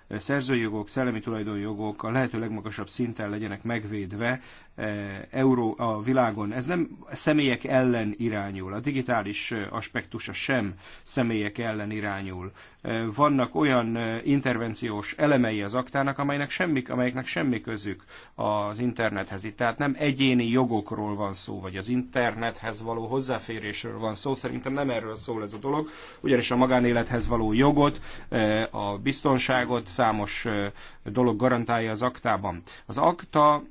a szerzőjogok, szellemi tulajdonjogok a lehető legmagasabb szinten legyenek megvédve eh, euró a világon. Ez nem személyek ellen irányul, a digitális aspektusa sem személyek ellen irányul. Eh, vannak olyan eh, intervenciós elemei az aktának, amelynek semmi, amelyeknek semmi közük az internethez. Itt tehát nem egyéni jogokról van szó, vagy az internethez való hozzáférésről van szó, szerintem nem erről szól ez a dolog, ugyanis a magánélethez való jogot, e, a biztonságot számos e, dolog garantálja az aktában. Az akta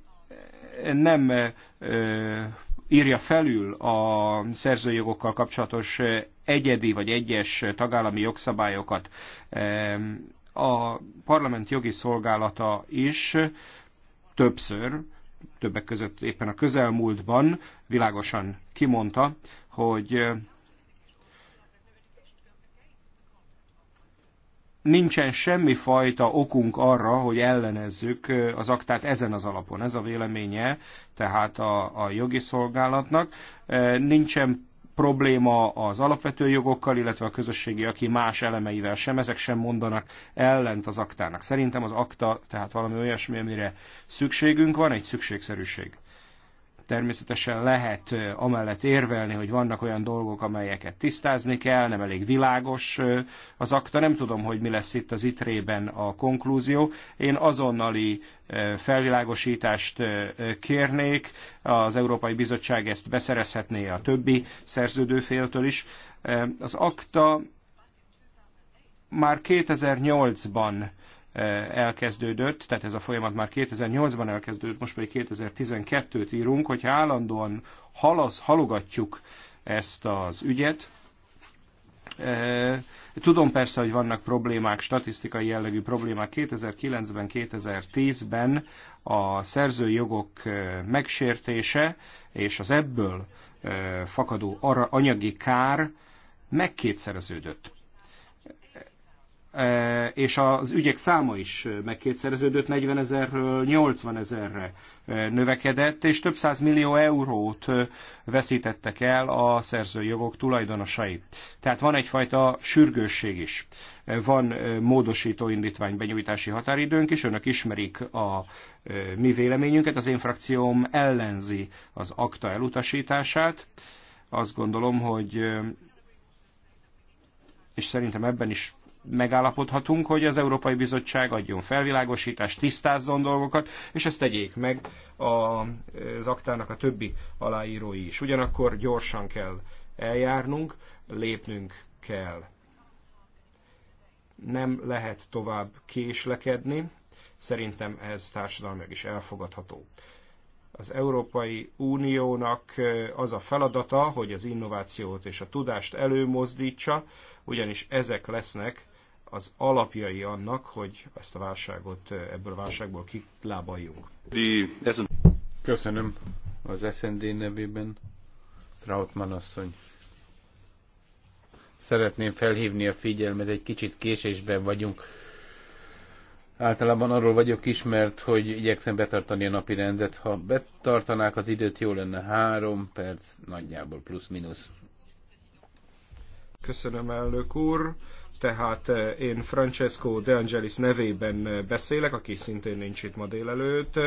nem e, írja felül a szerzőjogokkal kapcsolatos egyedi vagy egyes tagállami jogszabályokat. A parlament jogi szolgálata is többször, többek között éppen a közelmúltban világosan kimondta, hogy nincsen semmi fajta okunk arra, hogy ellenezzük az aktát ezen az alapon. Ez a véleménye tehát a, a jogi szolgálatnak. Nincsen probléma az alapvető jogokkal, illetve a közösségi, aki más elemeivel sem, ezek sem mondanak ellent az aktának. Szerintem az akta tehát valami olyasmi, amire szükségünk van, egy szükségszerűség. Természetesen lehet amellett érvelni, hogy vannak olyan dolgok, amelyeket tisztázni kell, nem elég világos az akta. Nem tudom, hogy mi lesz itt az itrében a konklúzió. Én azonnali felvilágosítást kérnék, az Európai Bizottság ezt beszerezhetné a többi szerződőféltől is. Az akta már 2008-ban Eh, elkezdődött, tehát ez a folyamat már 2008-ban elkezdődött, most pedig 2012-t írunk, hogyha állandóan halasz, halogatjuk ezt az ügyet, eh, Tudom persze, hogy vannak problémák, statisztikai jellegű problémák. 2009-ben, 2010-ben a szerzői jogok eh, megsértése és az ebből fakadó anyagi kár megkétszereződött. Eh, és az ügyek száma is eh, megkétszereződött, 40 ezerről 80 ezerre eh, növekedett, és több száz millió eurót veszítettek el a szerzőjogok tulajdonosai. Tehát van egyfajta sürgősség is. Van módosító indítvány benyújtási határidőnk is, önök ismerik a mi véleményünket, az én frakcióm ellenzi az akta elutasítását. Azt gondolom, hogy és szerintem ebben is megállapodhatunk, hogy az Európai Bizottság adjon felvilágosítást, tisztázzon dolgokat, és ezt tegyék meg az aktának a többi aláírói is. Ugyanakkor gyorsan kell eljárnunk, lépnünk kell. Nem lehet tovább késlekedni, szerintem ez társadalmilag is elfogadható az Európai Uniónak az a feladata, hogy az innovációt és a tudást előmozdítsa, ugyanis ezek lesznek az alapjai annak, hogy ezt a válságot, ebből a válságból kilábaljunk. Köszönöm az SND nevében, Trautmann asszony. Szeretném felhívni a figyelmet, egy kicsit késésben vagyunk. Általában arról vagyok ismert, hogy igyekszem betartani a napi rendet. Ha betartanák az időt, jó lenne három perc, nagyjából plusz-minusz. Köszönöm, elnök úr tehát eh, én Francesco De Angelis nevében eh, beszélek, aki szintén nincs itt ma délelőtt,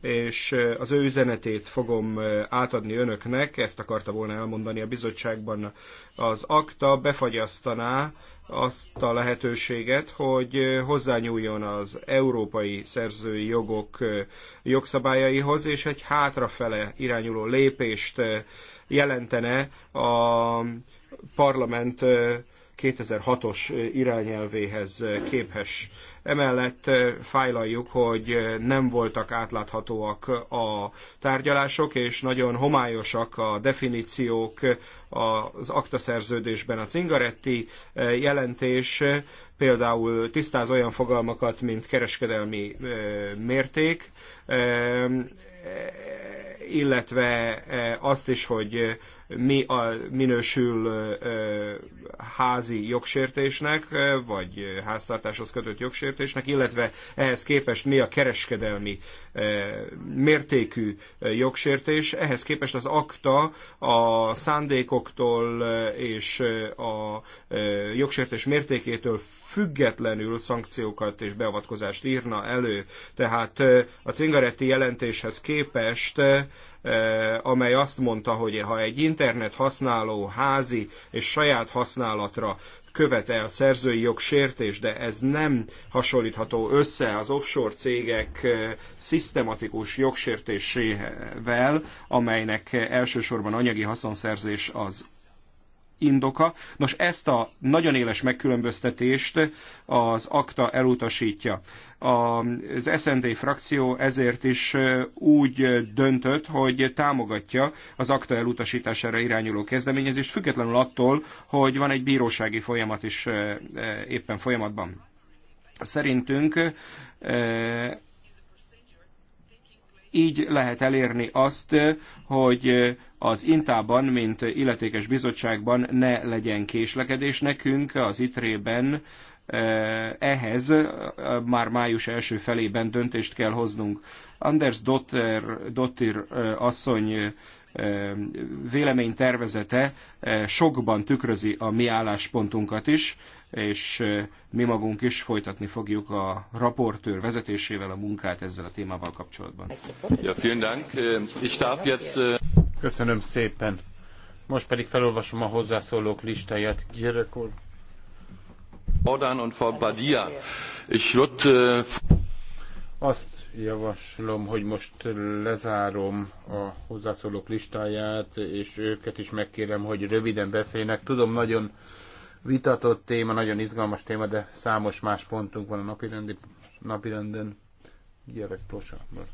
és eh, az ő üzenetét fogom átadni önöknek, ezt akarta volna elmondani a bizottságban. Az akta befagyasztaná azt a lehetőséget, hogy hozzányúljon az európai szerzői jogok jogszabályaihoz, és egy hátrafele irányuló lépést jelentene a parlament 2006-os irányelvéhez képes. Emellett eh, fájlaljuk, hogy nem voltak átláthatóak a tárgyalások, és nagyon homályosak a definíciók az aktaszerződésben. A Cingaretti eh, jelentés eh, például tisztáz olyan fogalmakat, mint kereskedelmi mérték, Eh, illetve eh, azt is, hogy mi a, minősül eh, házi jogsértésnek, vagy háztartáshoz kötött jogsértésnek, illetve ehhez képest mi a kereskedelmi mértékű jogsértés. Ehhez képest az akta a szándékoktól és a jogsértés mértékétől függetlenül szankciókat és beavatkozást írna elő. Tehát a Cingaretti jelentéshez képest amely azt mondta, hogy ha egy internet használó házi és saját használatra követ el szerzői jogsértés, de ez nem hasonlítható össze az offshore cégek szisztematikus jogsértésével, amelynek elsősorban anyagi haszonszerzés az indoka. Nos, ezt a nagyon éles megkülönböztetést az akta elutasítja. Az SND frakció ezért is úgy döntött, hogy támogatja az akta elutasítására irányuló kezdeményezést, függetlenül attól, hogy van egy bírósági folyamat is éppen folyamatban. Szerintünk így lehet elérni azt, hogy az Intában, mint illetékes bizottságban ne legyen késlekedés nekünk, az ITRE-ben ehhez már május első felében döntést kell hoznunk. Anders Dotter, Dottir asszony véleménytervezete sokban tükrözi a mi álláspontunkat is, és mi magunk is folytatni fogjuk a raportőr vezetésével a munkát ezzel a témával kapcsolatban. Ja, vielen Dank. Äh, ich darf jetzt... Äh, Köszönöm szépen. Most pedig felolvasom a hozzászólók listáját. Gyerek úr. und Frau Badia. Ich würde... Äh, Azt javaslom, hogy most lezárom a hozzászólók listáját, és őket is megkérem, hogy röviden beszéljenek. Tudom, nagyon vitatott téma, nagyon izgalmas téma, de számos más pontunk van a napirendi, napirenden. Gyerek prosámból.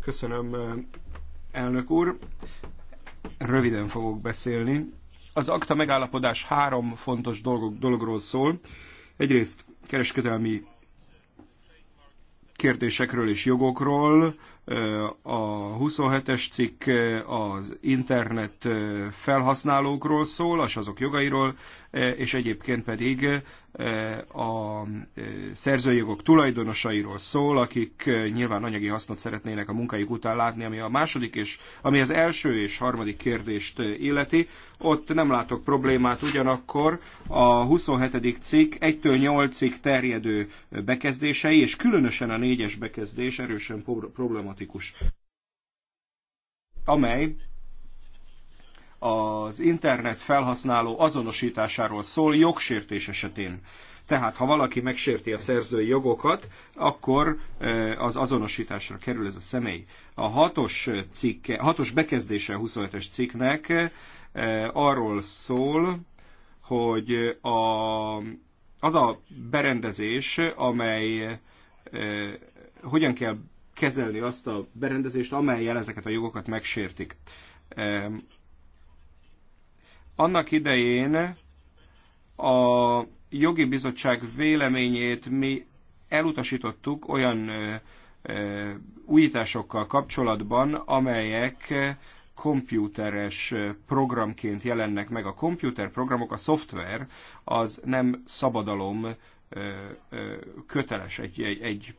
Köszönöm, elnök úr. Röviden fogok beszélni. Az akta megállapodás három fontos dolgok, dologról szól. Egyrészt kereskedelmi kérdésekről és jogokról, a 27-es cikk az internet felhasználókról szól, és azok jogairól, és egyébként pedig a szerzőjogok tulajdonosairól szól, akik nyilván anyagi hasznot szeretnének a munkájuk után látni, ami a második és ami az első és harmadik kérdést illeti. Ott nem látok problémát, ugyanakkor a 27. cikk 1-től 8-ig terjedő bekezdései, és különösen a négyes bekezdés erősen problematikus amely az internet felhasználó azonosításáról szól jogsértés esetén. Tehát, ha valaki megsérti a szerzői jogokat, akkor e, az azonosításra kerül ez a személy. A hatos, cikke, hatos bekezdése a 27-es cikknek e, arról szól, hogy a, az a berendezés, amely e, hogyan kell kezelni azt a berendezést, amelyel ezeket a jogokat megsértik. Annak idején a jogi bizottság véleményét mi elutasítottuk olyan újításokkal kapcsolatban, amelyek komputeres programként jelennek meg. A komputerprogramok, a szoftver az nem szabadalom köteles, egy, egy, egy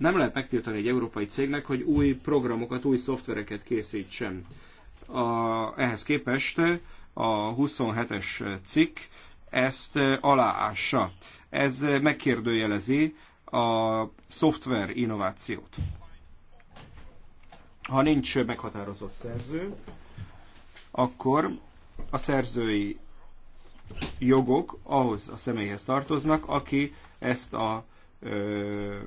Nem lehet megtiltani egy európai cégnek, hogy új programokat, új szoftvereket készítsen. A, ehhez képest a 27-es cikk ezt aláássa. Ez megkérdőjelezi a szoftver innovációt. Ha nincs meghatározott szerző, akkor a szerzői jogok ahhoz a személyhez tartoznak, aki ezt a ö,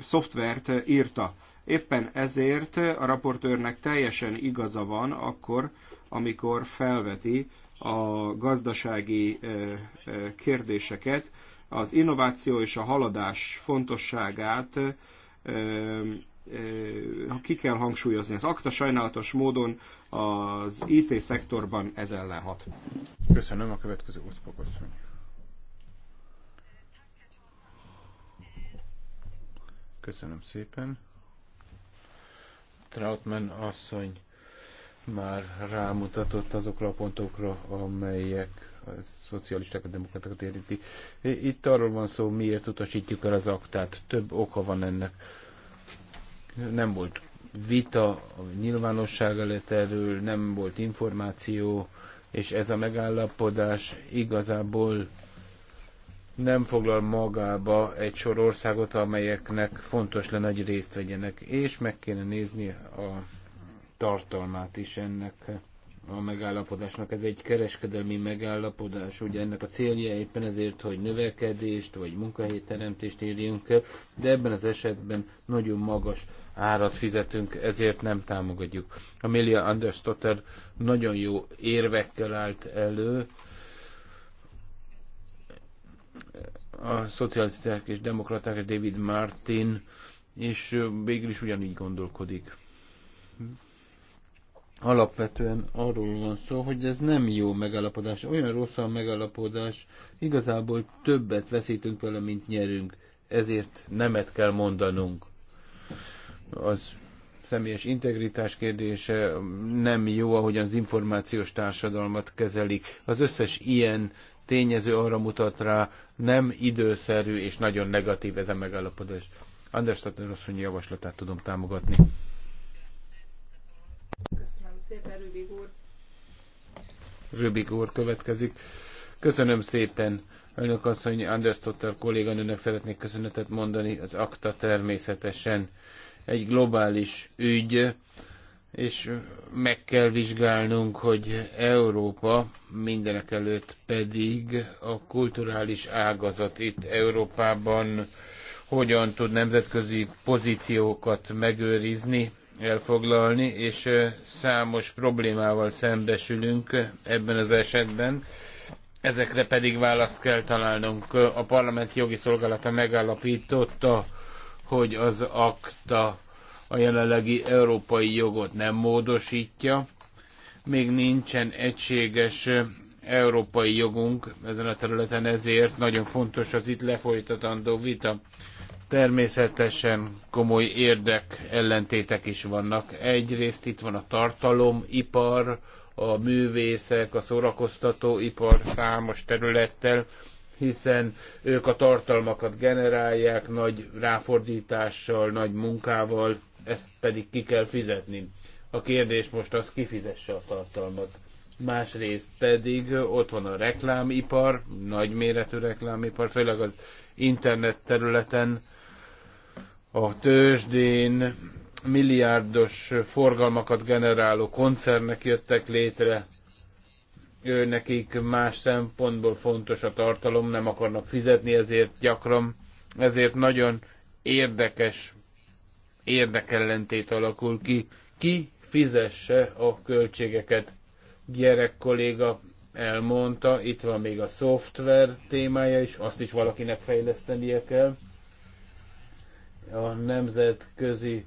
szoftvert eh, írta. Éppen ezért a raportőrnek teljesen igaza van akkor, amikor felveti a gazdasági eh, eh, kérdéseket, az innováció és a haladás fontosságát ki kell hangsúlyozni. Az akta sajnálatos módon az IT szektorban ez ellen hat. Köszönöm a következő oszpokosszony. Köszönöm szépen. Trautmann asszony már rámutatott azokra a pontokra, amelyek a szocialisták, a demokratákat érinti. Itt arról van szó, miért utasítjuk el az aktát. Több oka van ennek. Nem volt vita a nyilvánosság előtt erről, nem volt információ, és ez a megállapodás igazából nem foglal magába egy sor országot, amelyeknek fontos lenne, hogy részt vegyenek, és meg kéne nézni a tartalmát is ennek a megállapodásnak. Ez egy kereskedelmi megállapodás, ugye ennek a célja éppen ezért, hogy növekedést vagy munkahelyteremtést érjünk el, de ebben az esetben nagyon magas árat fizetünk, ezért nem támogatjuk. Amelia Anderstotter nagyon jó érvekkel állt elő, a szocialisták és demokraták, David Martin, és végül is ugyanígy gondolkodik. Alapvetően arról van szó, hogy ez nem jó megállapodás. Olyan rossz a megállapodás, igazából többet veszítünk vele, mint nyerünk. Ezért nemet kell mondanunk. Az személyes integritás kérdése nem jó, ahogyan az információs társadalmat kezelik. Az összes ilyen tényező arra mutat rá, nem időszerű és nagyon negatív ez a megállapodás. András Tatner asszony javaslatát tudom támogatni. Köszönöm szépen, Rübig úr. Rübig úr következik. Köszönöm szépen. Önök asszony, Anders Totter kolléganőnek szeretnék köszönetet mondani. Az akta természetesen egy globális ügy, és meg kell vizsgálnunk, hogy Európa mindenek előtt pedig a kulturális ágazat itt Európában hogyan tud nemzetközi pozíciókat megőrizni, elfoglalni, és számos problémával szembesülünk ebben az esetben. Ezekre pedig választ kell találnunk. A parlament jogi szolgálata megállapította, hogy az akta a jelenlegi európai jogot nem módosítja, még nincsen egységes európai jogunk ezen a területen, ezért nagyon fontos az itt lefolytatandó vita. Természetesen komoly érdek ellentétek is vannak. Egyrészt itt van a tartalomipar, a művészek, a szórakoztatóipar számos területtel, hiszen ők a tartalmakat generálják nagy ráfordítással, nagy munkával, ezt pedig ki kell fizetni. A kérdés most az, kifizesse a tartalmat. Másrészt pedig ott van a reklámipar, nagyméretű reklámipar, főleg az internet területen, a tőzsdén milliárdos forgalmakat generáló koncernek jöttek létre, ő nekik más szempontból fontos a tartalom, nem akarnak fizetni ezért gyakran, ezért nagyon érdekes érdekellentét alakul ki. Ki fizesse a költségeket? Gyerek kolléga elmondta, itt van még a szoftver témája is, azt is valakinek fejlesztenie kell. A nemzetközi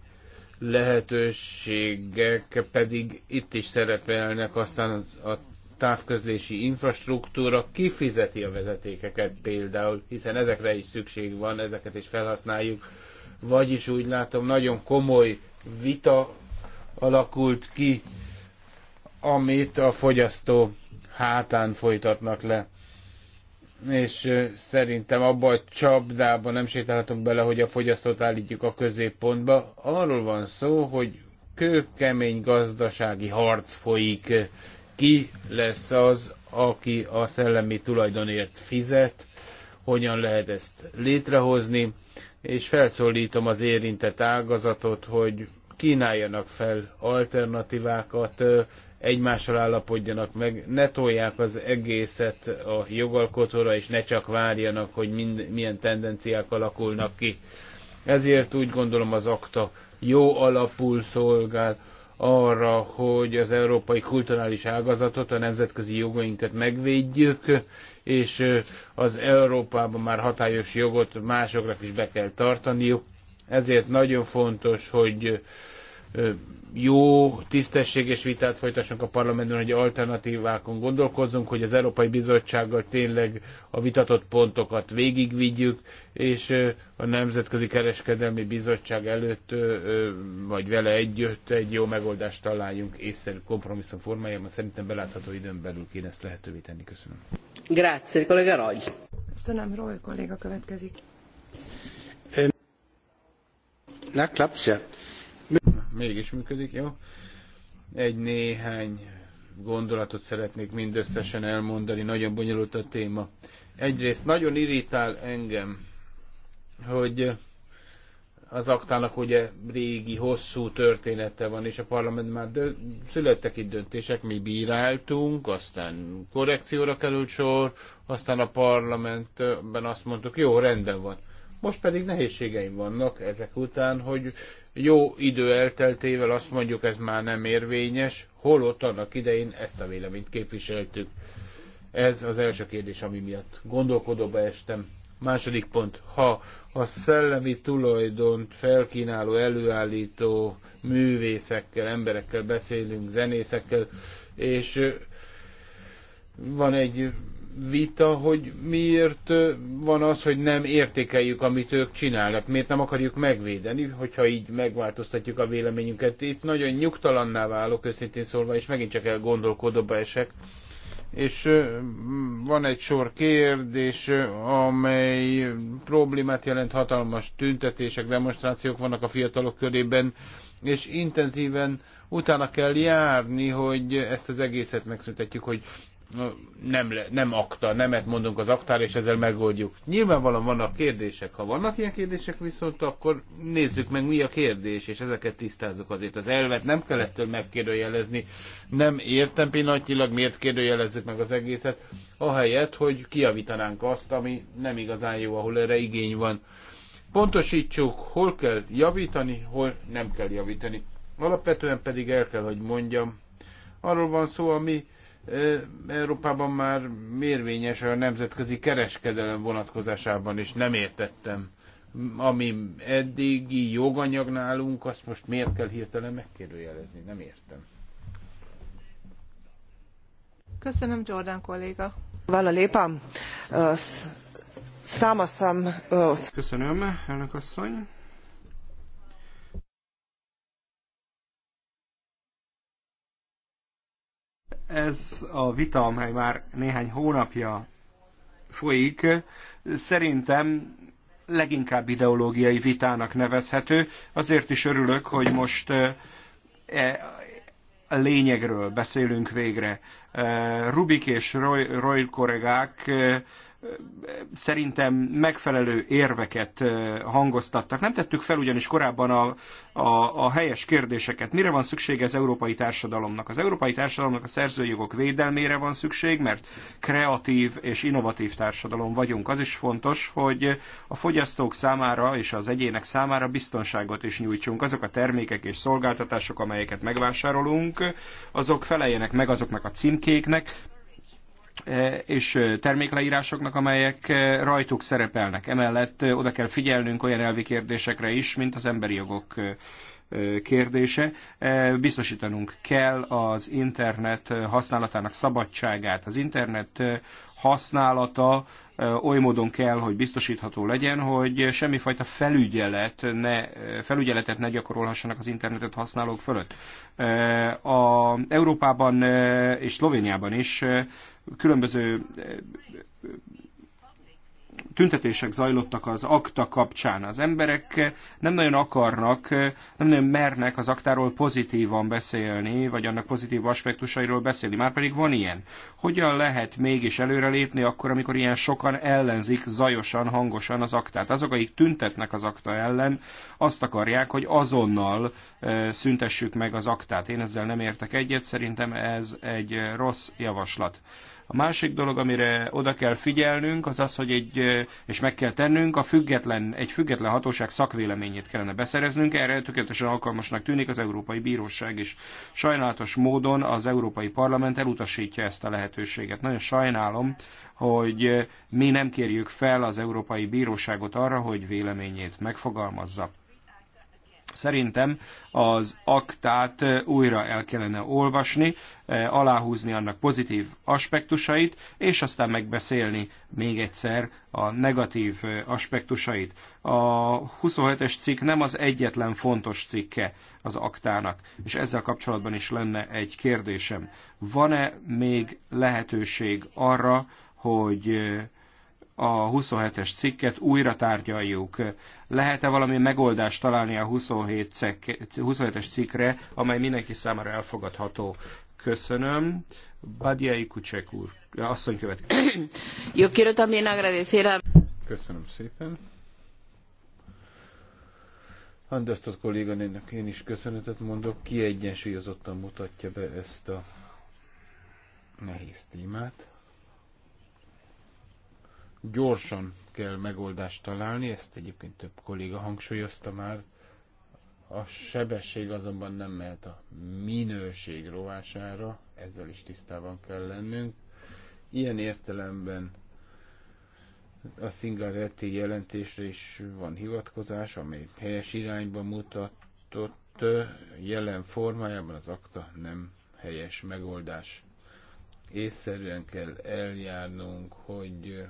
lehetőségek pedig itt is szerepelnek, aztán a távközlési infrastruktúra kifizeti a vezetékeket például, hiszen ezekre is szükség van, ezeket is felhasználjuk. Vagyis úgy látom, nagyon komoly vita alakult ki, amit a fogyasztó hátán folytatnak le. És szerintem abba a csapdában nem sétálhatunk bele, hogy a fogyasztót állítjuk a középpontba. Arról van szó, hogy kőkemény gazdasági harc folyik ki lesz az, aki a szellemi tulajdonért fizet, hogyan lehet ezt létrehozni, és felszólítom az érintett ágazatot, hogy kínáljanak fel alternatívákat, egymással állapodjanak meg, ne tolják az egészet a jogalkotóra, és ne csak várjanak, hogy mind, milyen tendenciák alakulnak ki. Ezért úgy gondolom az akta jó alapul szolgál arra, hogy az európai kulturális ágazatot, a nemzetközi jogainkat megvédjük, és az Európában már hatályos jogot másoknak is be kell tartaniuk. Ezért nagyon fontos, hogy jó, tisztességes vitát folytassunk a parlamentben, hogy alternatívákon gondolkozzunk, hogy az Európai Bizottsággal tényleg a vitatott pontokat végigvigyük, és a Nemzetközi Kereskedelmi Bizottság előtt, vagy vele együtt egy jó megoldást találjunk észszerű kompromisszum formájában. Szerintem belátható időn belül kéne ezt lehetővé tenni. Köszönöm. Grazie, kollega Raj. Köszönöm, Roy kolléga következik. Na, klapsz, Mégis működik, jó? Egy néhány gondolatot szeretnék mindösszesen elmondani, nagyon bonyolult a téma. Egyrészt nagyon irítál engem, hogy az aktának ugye régi, hosszú története van, és a parlament már dö- születtek itt döntések, mi bíráltunk, aztán korrekcióra került sor, aztán a parlamentben azt mondtuk, jó, rendben van. Most pedig nehézségeim vannak ezek után, hogy jó idő elteltével azt mondjuk, ez már nem érvényes, holott annak idején ezt a véleményt képviseltük. Ez az első kérdés, ami miatt gondolkodóba estem. Második pont, ha a szellemi tulajdont felkínáló, előállító művészekkel, emberekkel beszélünk, zenészekkel, és van egy vita, hogy miért van az, hogy nem értékeljük, amit ők csinálnak, miért nem akarjuk megvédeni, hogyha így megváltoztatjuk a véleményünket. Itt nagyon nyugtalanná válok, őszintén szólva, és megint csak elgondolkodóba esek. És van egy sor kérdés, amely problémát jelent, hatalmas tüntetések, demonstrációk vannak a fiatalok körében, és intenzíven utána kell járni, hogy ezt az egészet megszüntetjük, hogy nem, nem akta, nemet mondunk az aktára, és ezzel megoldjuk. Nyilvánvalóan vannak kérdések. Ha vannak ilyen kérdések viszont, akkor nézzük meg, mi a kérdés, és ezeket tisztázzuk azért. Az elvet nem kell ettől megkérdőjelezni. Nem értem pillanatilag, miért kérdőjelezzük meg az egészet, ahelyett, hogy kiavítanánk azt, ami nem igazán jó, ahol erre igény van. Pontosítsuk, hol kell javítani, hol nem kell javítani. Alapvetően pedig el kell, hogy mondjam, arról van szó, ami Európában már mérvényes a nemzetközi kereskedelem vonatkozásában is, nem értettem. Ami eddigi joganyag nálunk, azt most miért kell hirtelen megkérdőjelezni? Nem értem. Köszönöm, Jordan kolléga. Vala lépám. Száma Köszönöm, elnök asszony. Ez a vita, amely már néhány hónapja folyik, szerintem leginkább ideológiai vitának nevezhető. Azért is örülök, hogy most eh, e, a lényegről beszélünk végre. Eh, Rubik és Roy, Roy kollégák eh, szerintem megfelelő érveket hangoztattak. Nem tettük fel ugyanis korábban a, a, a helyes kérdéseket. Mire van szüksége az európai társadalomnak? Az európai társadalomnak a szerzőjogok védelmére van szükség, mert kreatív és innovatív társadalom vagyunk. Az is fontos, hogy a fogyasztók számára és az egyének számára biztonságot is nyújtsunk. Azok a termékek és szolgáltatások, amelyeket megvásárolunk, azok feleljenek meg azoknak a címkéknek, E, és termékleírásoknak, amelyek e, rajtuk szerepelnek. Emellett oda kell figyelnünk olyan elvi kérdésekre is, mint az emberi jogok kérdése. E, biztosítanunk kell az internet használatának szabadságát. Az internet használata oly módon kell, hogy biztosítható legyen, hogy semmifajta felügyelet ne, felügyeletet ne gyakorolhassanak az internetet használók fölött. A Európában és Szlovéniában is különböző eh, eh, tüntetések zajlottak az akta kapcsán. Az emberek eh, nem nagyon akarnak, nem nagyon mernek az aktáról pozitívan beszélni, vagy annak pozitív aspektusairól beszélni. már pedig van ilyen. Hogyan lehet mégis előrelépni akkor, amikor ilyen sokan ellenzik zajosan, hangosan az aktát? Azok, akik tüntetnek az akta ellen, azt akarják, hogy azonnal szüntessük meg az aktát. Én ezzel nem értek egyet, szerintem ez egy rossz javaslat a másik dolog, amire oda kell figyelnünk, az az, hogy egy, és meg kell tennünk, a független, egy független hatóság szakvéleményét kellene beszereznünk, erre tökéletesen alkalmasnak tűnik az Európai Bíróság is. Sajnálatos módon az Európai Parlament elutasítja ezt a lehetőséget. Nagyon sajnálom, hogy mi nem kérjük fel az Európai Bíróságot arra, hogy véleményét megfogalmazza. Szerintem az aktát újra el kellene olvasni, aláhúzni annak pozitív aspektusait, és aztán megbeszélni még egyszer a negatív aspektusait. A 27-es cikk nem az egyetlen fontos cikke az aktának, és ezzel kapcsolatban is lenne egy kérdésem. Van-e még lehetőség arra, hogy a 27-es cikket újra tárgyaljuk. Lehet-e valami megoldást találni a 27 es cikkre, amely mindenki számára elfogadható? Köszönöm. Badiai Kucsek úr. Asszony következik. Yo quiero a... Köszönöm szépen. én is köszönetet mondok, kiegyensúlyozottan mutatja be ezt a nehéz témát. Gyorsan kell megoldást találni, ezt egyébként több kolléga hangsúlyozta már. A sebesség azonban nem mehet a minőség rovására, ezzel is tisztában kell lennünk. Ilyen értelemben a Szingaretti jelentésre is van hivatkozás, amely helyes irányba mutatott, jelen formájában az akta nem helyes megoldás. Észszerűen kell eljárnunk, hogy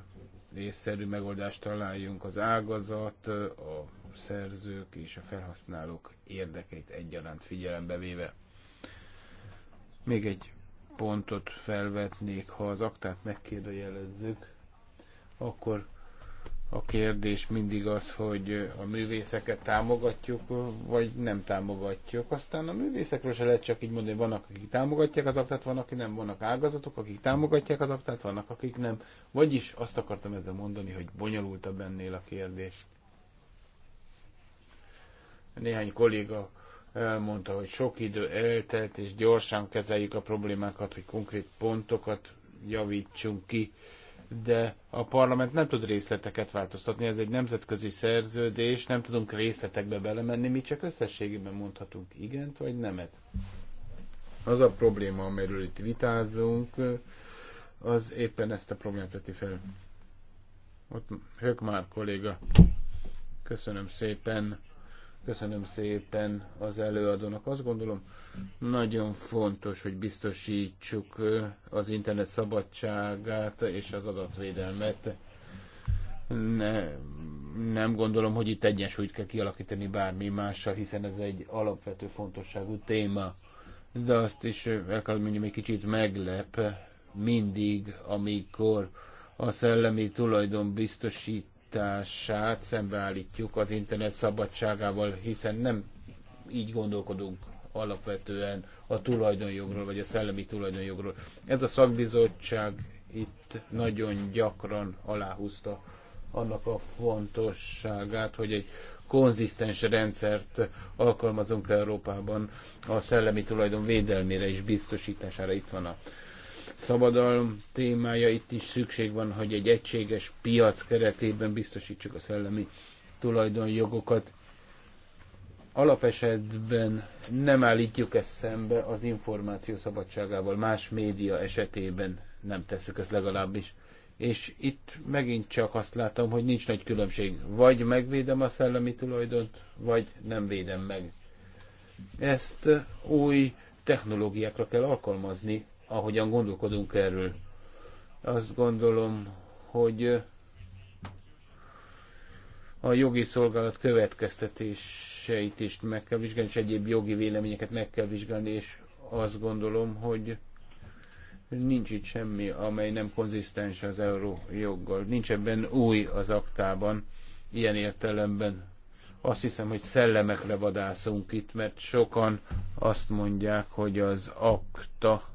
észszerű megoldást találjunk az ágazat, a szerzők és a felhasználók érdekeit egyaránt figyelembe véve. Még egy pontot felvetnék, ha az aktát megkérdőjelezzük, akkor a kérdés mindig az, hogy a művészeket támogatjuk, vagy nem támogatjuk. Aztán a művészekről se lehet csak így mondani, vannak, akik támogatják az aktát, vannak, akik nem, vannak ágazatok, akik támogatják az aktát, vannak, akik nem. Vagyis azt akartam ezzel mondani, hogy bonyolultabb ennél a kérdés. Néhány kolléga elmondta, hogy sok idő eltelt, és gyorsan kezeljük a problémákat, hogy konkrét pontokat javítsunk ki de a parlament nem tud részleteket változtatni, ez egy nemzetközi szerződés, nem tudunk részletekbe belemenni, mi csak összességében mondhatunk igent vagy nemet. Az a probléma, amiről itt vitázunk, az éppen ezt a problémát veti fel. Ott Hökmár kolléga. Köszönöm szépen. Köszönöm szépen az előadónak. Azt gondolom, nagyon fontos, hogy biztosítsuk az internet szabadságát és az adatvédelmet. Ne, nem gondolom, hogy itt egyensúlyt kell kialakítani bármi mással, hiszen ez egy alapvető fontosságú téma. De azt is el kell mondjam, egy kicsit meglep mindig, amikor a szellemi tulajdon biztosít szabadítását szembeállítjuk az internet szabadságával, hiszen nem így gondolkodunk alapvetően a tulajdonjogról, vagy a szellemi tulajdonjogról. Ez a szakbizottság itt nagyon gyakran aláhúzta annak a fontosságát, hogy egy konzisztens rendszert alkalmazunk Európában a szellemi tulajdon védelmére és biztosítására. Itt van a szabadalom témája, itt is szükség van, hogy egy egységes piac keretében biztosítsuk a szellemi tulajdonjogokat. Alapesetben nem állítjuk ezt szembe az információ szabadságával, más média esetében nem tesszük ezt legalábbis. És itt megint csak azt látom, hogy nincs nagy különbség. Vagy megvédem a szellemi tulajdont, vagy nem védem meg. Ezt új technológiákra kell alkalmazni, ahogyan gondolkodunk erről. Azt gondolom, hogy a jogi szolgálat következtetéseit is meg kell vizsgálni, és egyéb jogi véleményeket meg kell vizsgálni, és azt gondolom, hogy nincs itt semmi, amely nem konzisztens az euró joggal. Nincs ebben új az aktában, ilyen értelemben. Azt hiszem, hogy szellemekre vadászunk itt, mert sokan azt mondják, hogy az akta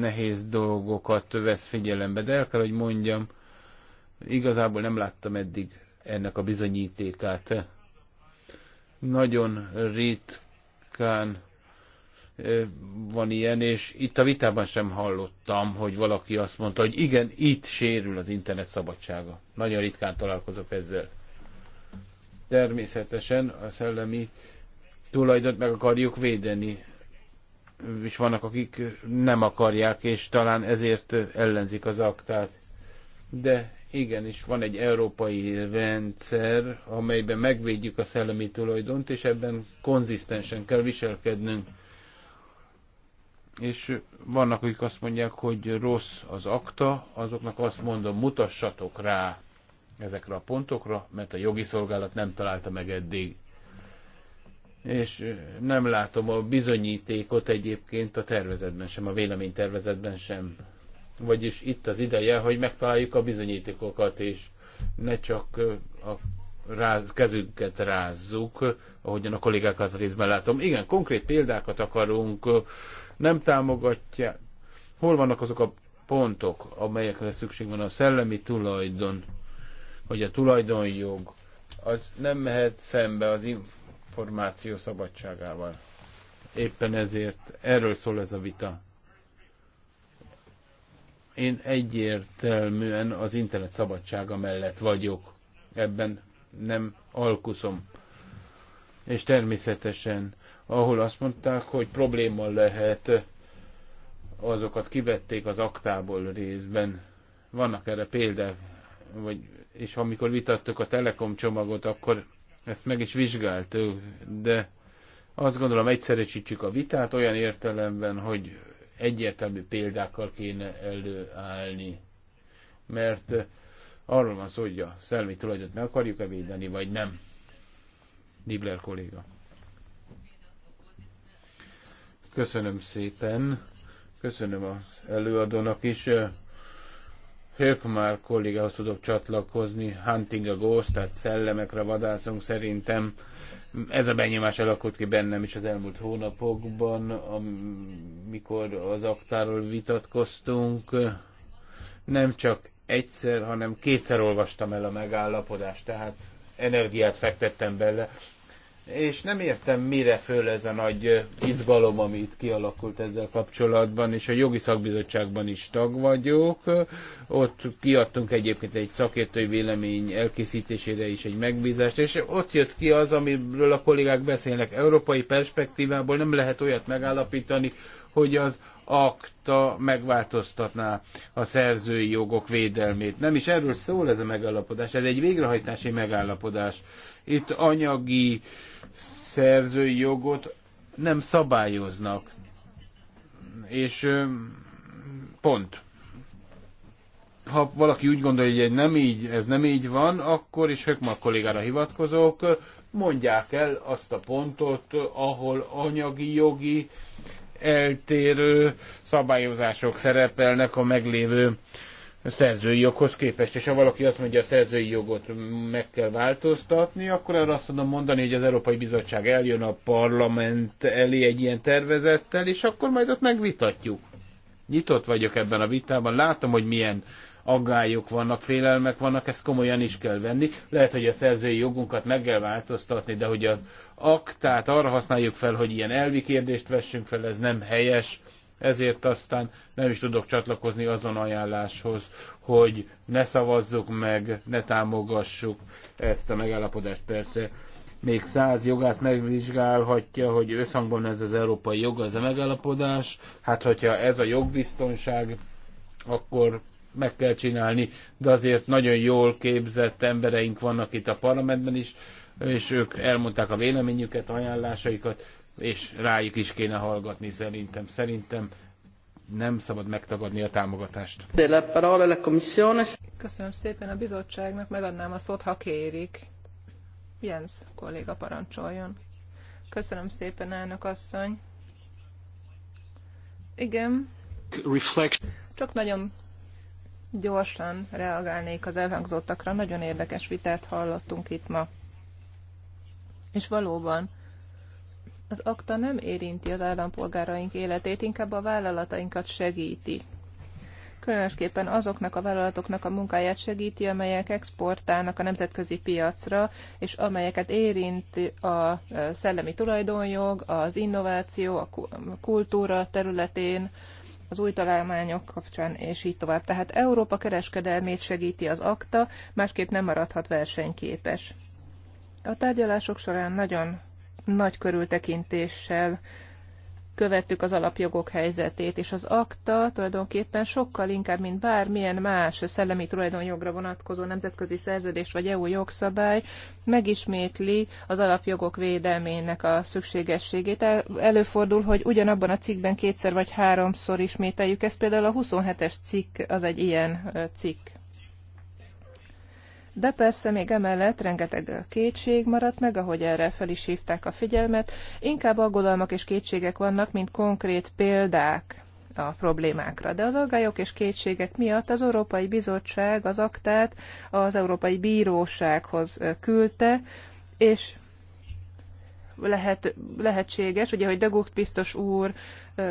nehéz dolgokat vesz figyelembe, de el kell, hogy mondjam, igazából nem láttam eddig ennek a bizonyítékát. Nagyon ritkán van ilyen, és itt a vitában sem hallottam, hogy valaki azt mondta, hogy igen, itt sérül az internet szabadsága. Nagyon ritkán találkozok ezzel. Természetesen a szellemi tulajdont meg akarjuk védeni, és vannak, akik nem akarják, és talán ezért ellenzik az aktát. De igenis, van egy európai rendszer, amelyben megvédjük a szellemi tulajdont, és ebben konzisztensen kell viselkednünk. És vannak, akik azt mondják, hogy rossz az akta, azoknak azt mondom, mutassatok rá ezekre a pontokra, mert a jogi szolgálat nem találta meg eddig és nem látom a bizonyítékot egyébként a tervezetben sem, a véleménytervezetben sem. Vagyis itt az ideje, hogy megtaláljuk a bizonyítékokat, és ne csak a ráz, kezünket rázzuk, ahogyan a kollégákat részben látom. Igen, konkrét példákat akarunk, nem támogatja. Hol vannak azok a pontok, amelyekre szükség van a szellemi tulajdon, vagy a tulajdonjog, az nem mehet szembe az információ információ szabadságával. Éppen ezért erről szól ez a vita. Én egyértelműen az internet szabadsága mellett vagyok. Ebben nem alkuszom. És természetesen, ahol azt mondták, hogy probléma lehet, azokat kivették az aktából részben. Vannak erre példák, vagy, és amikor vitattuk a Telekom csomagot, akkor ezt meg is vizsgáltuk, de azt gondolom egyszerűsítsük a vitát olyan értelemben, hogy egyértelmű példákkal kéne előállni. Mert arról van szó, hogy a szellemi tulajdont meg akarjuk-e védeni, vagy nem. Dibler kolléga. Köszönöm szépen. Köszönöm az előadónak is már kollégához tudok csatlakozni, hunting a ghost, tehát szellemekre vadászunk szerintem. Ez a benyomás alakult ki bennem is az elmúlt hónapokban, amikor az aktáról vitatkoztunk. Nem csak egyszer, hanem kétszer olvastam el a megállapodást, tehát energiát fektettem bele, és nem értem, mire föl ez a nagy izgalom, ami itt kialakult ezzel kapcsolatban, és a jogi szakbizottságban is tag vagyok. Ott kiadtunk egyébként egy szakértői vélemény elkészítésére is egy megbízást, és ott jött ki az, amiről a kollégák beszélnek. Európai perspektívából nem lehet olyat megállapítani, hogy az akta megváltoztatná a szerzői jogok védelmét. Nem is erről szól ez a megállapodás, ez egy végrehajtási megállapodás. Itt anyagi szerzői jogot nem szabályoznak. És pont. Ha valaki úgy gondolja, hogy nem így, ez nem így van, akkor is Hökmar kollégára hivatkozok, mondják el azt a pontot, ahol anyagi, jogi eltérő szabályozások szerepelnek a meglévő szerzői joghoz képest, és ha valaki azt mondja, a szerzői jogot meg kell változtatni, akkor arra azt tudom mondani, hogy az Európai Bizottság eljön a parlament elé egy ilyen tervezettel, és akkor majd ott megvitatjuk. Nyitott vagyok ebben a vitában, látom, hogy milyen aggályok vannak, félelmek vannak, ezt komolyan is kell venni. Lehet, hogy a szerzői jogunkat meg kell változtatni, de hogy az aktát arra használjuk fel, hogy ilyen elvi kérdést vessünk fel, ez nem helyes ezért aztán nem is tudok csatlakozni azon ajánláshoz, hogy ne szavazzuk meg, ne támogassuk ezt a megállapodást persze. Még száz jogász megvizsgálhatja, hogy összhangban ez az európai jog, ez a megállapodás. Hát, hogyha ez a jogbiztonság, akkor meg kell csinálni, de azért nagyon jól képzett embereink vannak itt a parlamentben is, és ők elmondták a véleményüket, ajánlásaikat, és rájuk is kéne hallgatni szerintem. Szerintem nem szabad megtagadni a támogatást. Köszönöm szépen a bizottságnak, megadnám a szót, ha kérik. Jens kolléga parancsoljon. Köszönöm szépen, elnök asszony. Igen. Csak nagyon gyorsan reagálnék az elhangzottakra. Nagyon érdekes vitát hallottunk itt ma. És valóban az akta nem érinti az állampolgáraink életét, inkább a vállalatainkat segíti. Különösképpen azoknak a vállalatoknak a munkáját segíti, amelyek exportálnak a nemzetközi piacra, és amelyeket érint a e, szellemi tulajdonjog, az innováció, a kultúra területén, az új találmányok kapcsán, és így tovább. Tehát Európa kereskedelmét segíti az akta, másképp nem maradhat versenyképes. A tárgyalások során nagyon nagy körültekintéssel követtük az alapjogok helyzetét, és az akta tulajdonképpen sokkal inkább, mint bármilyen más szellemi tulajdonjogra vonatkozó nemzetközi szerződés vagy EU jogszabály megismétli az alapjogok védelmének a szükségességét. Előfordul, hogy ugyanabban a cikkben kétszer vagy háromszor ismételjük ezt, például a 27-es cikk az egy ilyen cikk de persze még emellett rengeteg kétség maradt meg, ahogy erre fel is hívták a figyelmet. Inkább aggodalmak és kétségek vannak, mint konkrét példák a problémákra. De az aggályok és kétségek miatt az Európai Bizottság az aktát az Európai Bírósághoz küldte, és lehet, lehetséges, ugye, hogy Dagukt biztos úr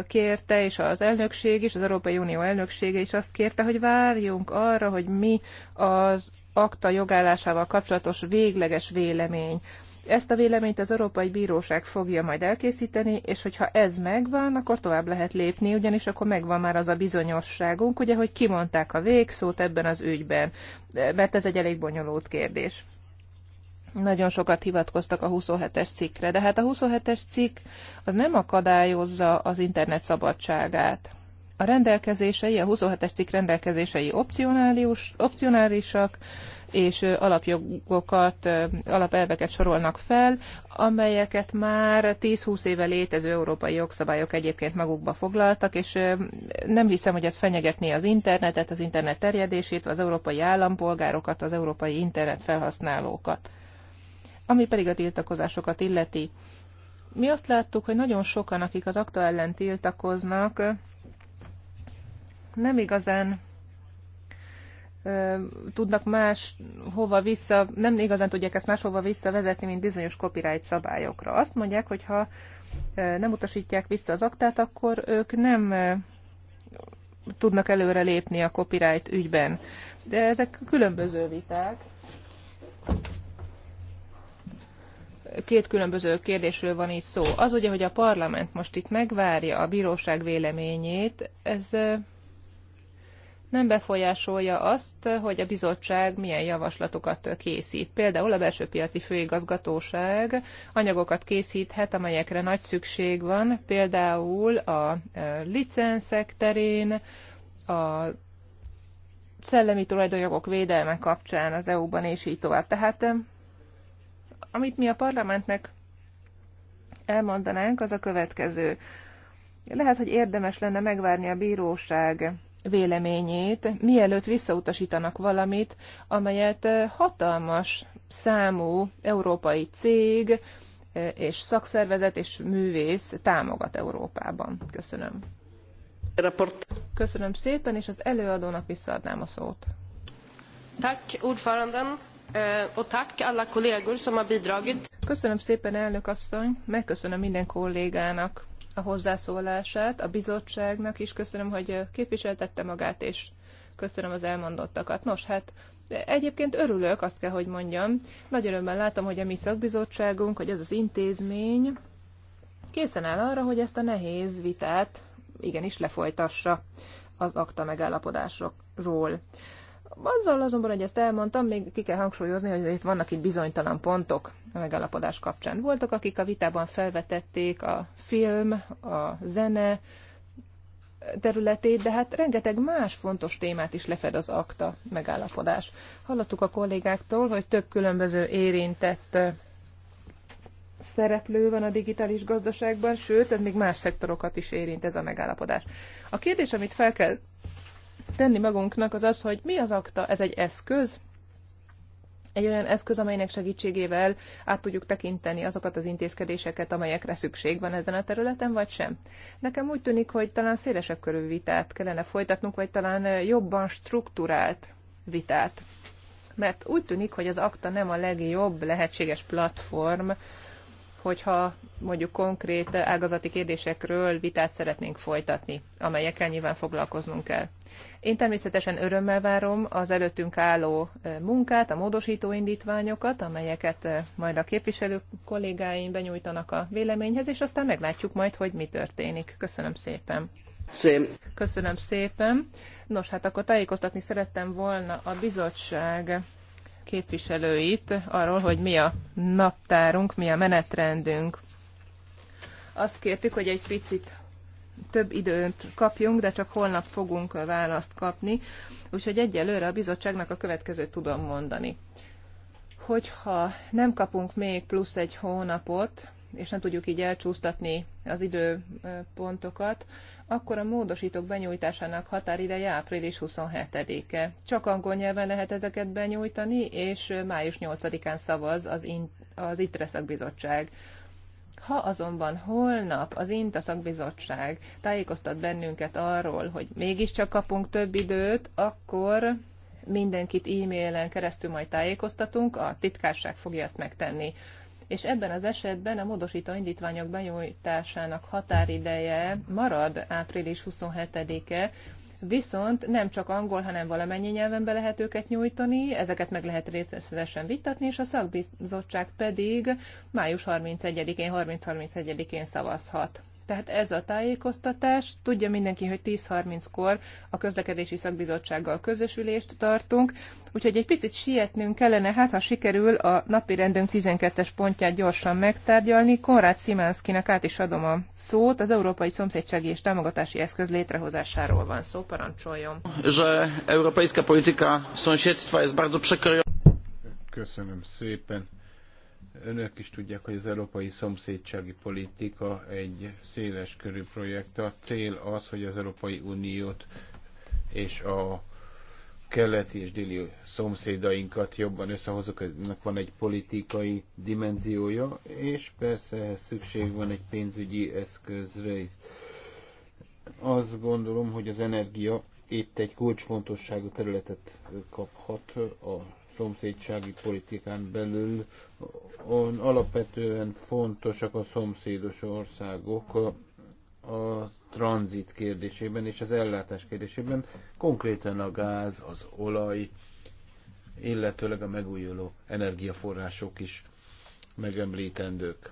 kérte, és az elnökség is, az Európai Unió elnöksége is azt kérte, hogy várjunk arra, hogy mi az akta jogállásával kapcsolatos végleges vélemény. Ezt a véleményt az Európai Bíróság fogja majd elkészíteni, és hogyha ez megvan, akkor tovább lehet lépni, ugyanis akkor megvan már az a bizonyosságunk, ugye, hogy kimondták a végszót ebben az ügyben, mert ez egy elég bonyolult kérdés. Nagyon sokat hivatkoztak a 27-es cikkre, de hát a 27-es cikk az nem akadályozza az internet szabadságát a rendelkezései, a 27-es cikk rendelkezései opcionális, opcionálisak, és alapjogokat, alapelveket sorolnak fel, amelyeket már 10-20 éve létező európai jogszabályok egyébként magukba foglaltak, és nem hiszem, hogy ez fenyegetné az internetet, az internet terjedését, az európai állampolgárokat, az európai internet felhasználókat. Ami pedig a tiltakozásokat illeti, mi azt láttuk, hogy nagyon sokan, akik az akta ellen tiltakoznak, nem igazán tudnak más hova vissza, nem igazán tudják ezt máshova visszavezetni, mint bizonyos copyright szabályokra. Azt mondják, hogy ha nem utasítják vissza az aktát, akkor ők nem tudnak előre lépni a copyright ügyben. De ezek különböző viták. Két különböző kérdésről van itt szó. Az ugye, hogy a parlament most itt megvárja a bíróság véleményét, ez nem befolyásolja azt, hogy a bizottság milyen javaslatokat készít. Például a belső piaci főigazgatóság anyagokat készíthet, amelyekre nagy szükség van, például a e, licenszek terén, a szellemi tulajdonjogok védelme kapcsán az EU-ban, és így tovább. Tehát e, amit mi a parlamentnek elmondanánk, az a következő. Lehet, hogy érdemes lenne megvárni a bíróság véleményét, mielőtt visszautasítanak valamit, amelyet eh, hatalmas számú európai cég eh, és szakszervezet és művész támogat Európában. Köszönöm. Köszönöm szépen, és az előadónak visszaadnám a szót. Tack, ordföranden, eh, och tack alla kollegor som har bidragit. Köszönöm szépen, elnök asszony, megköszönöm minden kollégának, a hozzászólását. A bizottságnak is köszönöm, hogy képviseltette magát, és köszönöm az elmondottakat. Nos, hát egyébként örülök, azt kell, hogy mondjam. Nagy örömmel látom, hogy a mi szakbizottságunk, hogy az az intézmény készen áll arra, hogy ezt a nehéz vitát igenis lefolytassa az akta megállapodásokról. Azzal azonban, hogy ezt elmondtam, még ki kell hangsúlyozni, hogy itt vannak itt bizonytalan pontok a megállapodás kapcsán. Voltak, akik a vitában felvetették a film, a zene területét, de hát rengeteg más fontos témát is lefed az akta megállapodás. Hallottuk a kollégáktól, hogy több különböző érintett szereplő van a digitális gazdaságban, sőt, ez még más szektorokat is érint ez a megállapodás. A kérdés, amit fel kell tenni magunknak, az az, hogy mi az akta? Ez egy eszköz, egy olyan eszköz, amelynek segítségével át tudjuk tekinteni azokat az intézkedéseket, amelyekre szükség van ezen a területen, vagy sem. Nekem úgy tűnik, hogy talán szélesebb körű vitát kellene folytatnunk, vagy talán eh, jobban struktúrált vitát. Mert úgy tűnik, hogy az akta nem a legjobb lehetséges platform hogyha mondjuk konkrét ágazati kérdésekről vitát szeretnénk folytatni, amelyekkel nyilván foglalkoznunk kell. Én természetesen örömmel várom az előttünk álló munkát, a módosító indítványokat, amelyeket majd a képviselő kollégáim benyújtanak a véleményhez, és aztán meglátjuk majd, hogy mi történik. Köszönöm szépen. Szép. Köszönöm szépen. Nos, hát akkor tájékoztatni szerettem volna a bizottság képviselőit arról, hogy mi a naptárunk, mi a menetrendünk. Azt kértük, hogy egy picit több időt kapjunk, de csak holnap fogunk választ kapni, úgyhogy egyelőre a bizottságnak a következőt tudom mondani. Hogyha nem kapunk még plusz egy hónapot, és nem tudjuk így elcsúsztatni az időpontokat, akkor a módosítók benyújtásának határideje április 27-e. Csak angol nyelven lehet ezeket benyújtani, és május 8-án szavaz az, in- az ITRE szakbizottság. Ha azonban holnap az INTA szakbizottság tájékoztat bennünket arról, hogy mégiscsak kapunk több időt, akkor mindenkit e-mailen keresztül majd tájékoztatunk, a titkárság fogja ezt megtenni és ebben az esetben a módosító indítványok benyújtásának határideje marad április 27-e, viszont nem csak angol, hanem valamennyi nyelven be lehet őket nyújtani, ezeket meg lehet részletesen vitatni, és a szakbizottság pedig május 31-én, 30-31-én szavazhat. Tehát ez a tájékoztatás. Tudja mindenki, hogy 10.30-kor a közlekedési szakbizottsággal közösülést tartunk, úgyhogy egy picit sietnünk kellene, hát ha sikerül a napi rendünk 12-es pontját gyorsan megtárgyalni. Konrád Szimánszkinek át is adom a szót, az Európai Szomszédsági és Támogatási Eszköz létrehozásáról van szó, parancsoljon. Że europejska polityka sąsiedztwa jest bardzo Köszönöm szépen önök is tudják, hogy az európai szomszédsági politika egy széles körű projekt. A cél az, hogy az Európai Uniót és a keleti és déli szomszédainkat jobban összehozok, ennek van egy politikai dimenziója, és persze ehhez szükség van egy pénzügyi eszközre is. Azt gondolom, hogy az energia itt egy kulcsfontosságú területet kaphat a szomszédsági politikán belül on, alapvetően fontosak a szomszédos országok a, a tranzit kérdésében és az ellátás kérdésében, konkrétan a gáz, az olaj, illetőleg a megújuló energiaforrások is megemlítendők.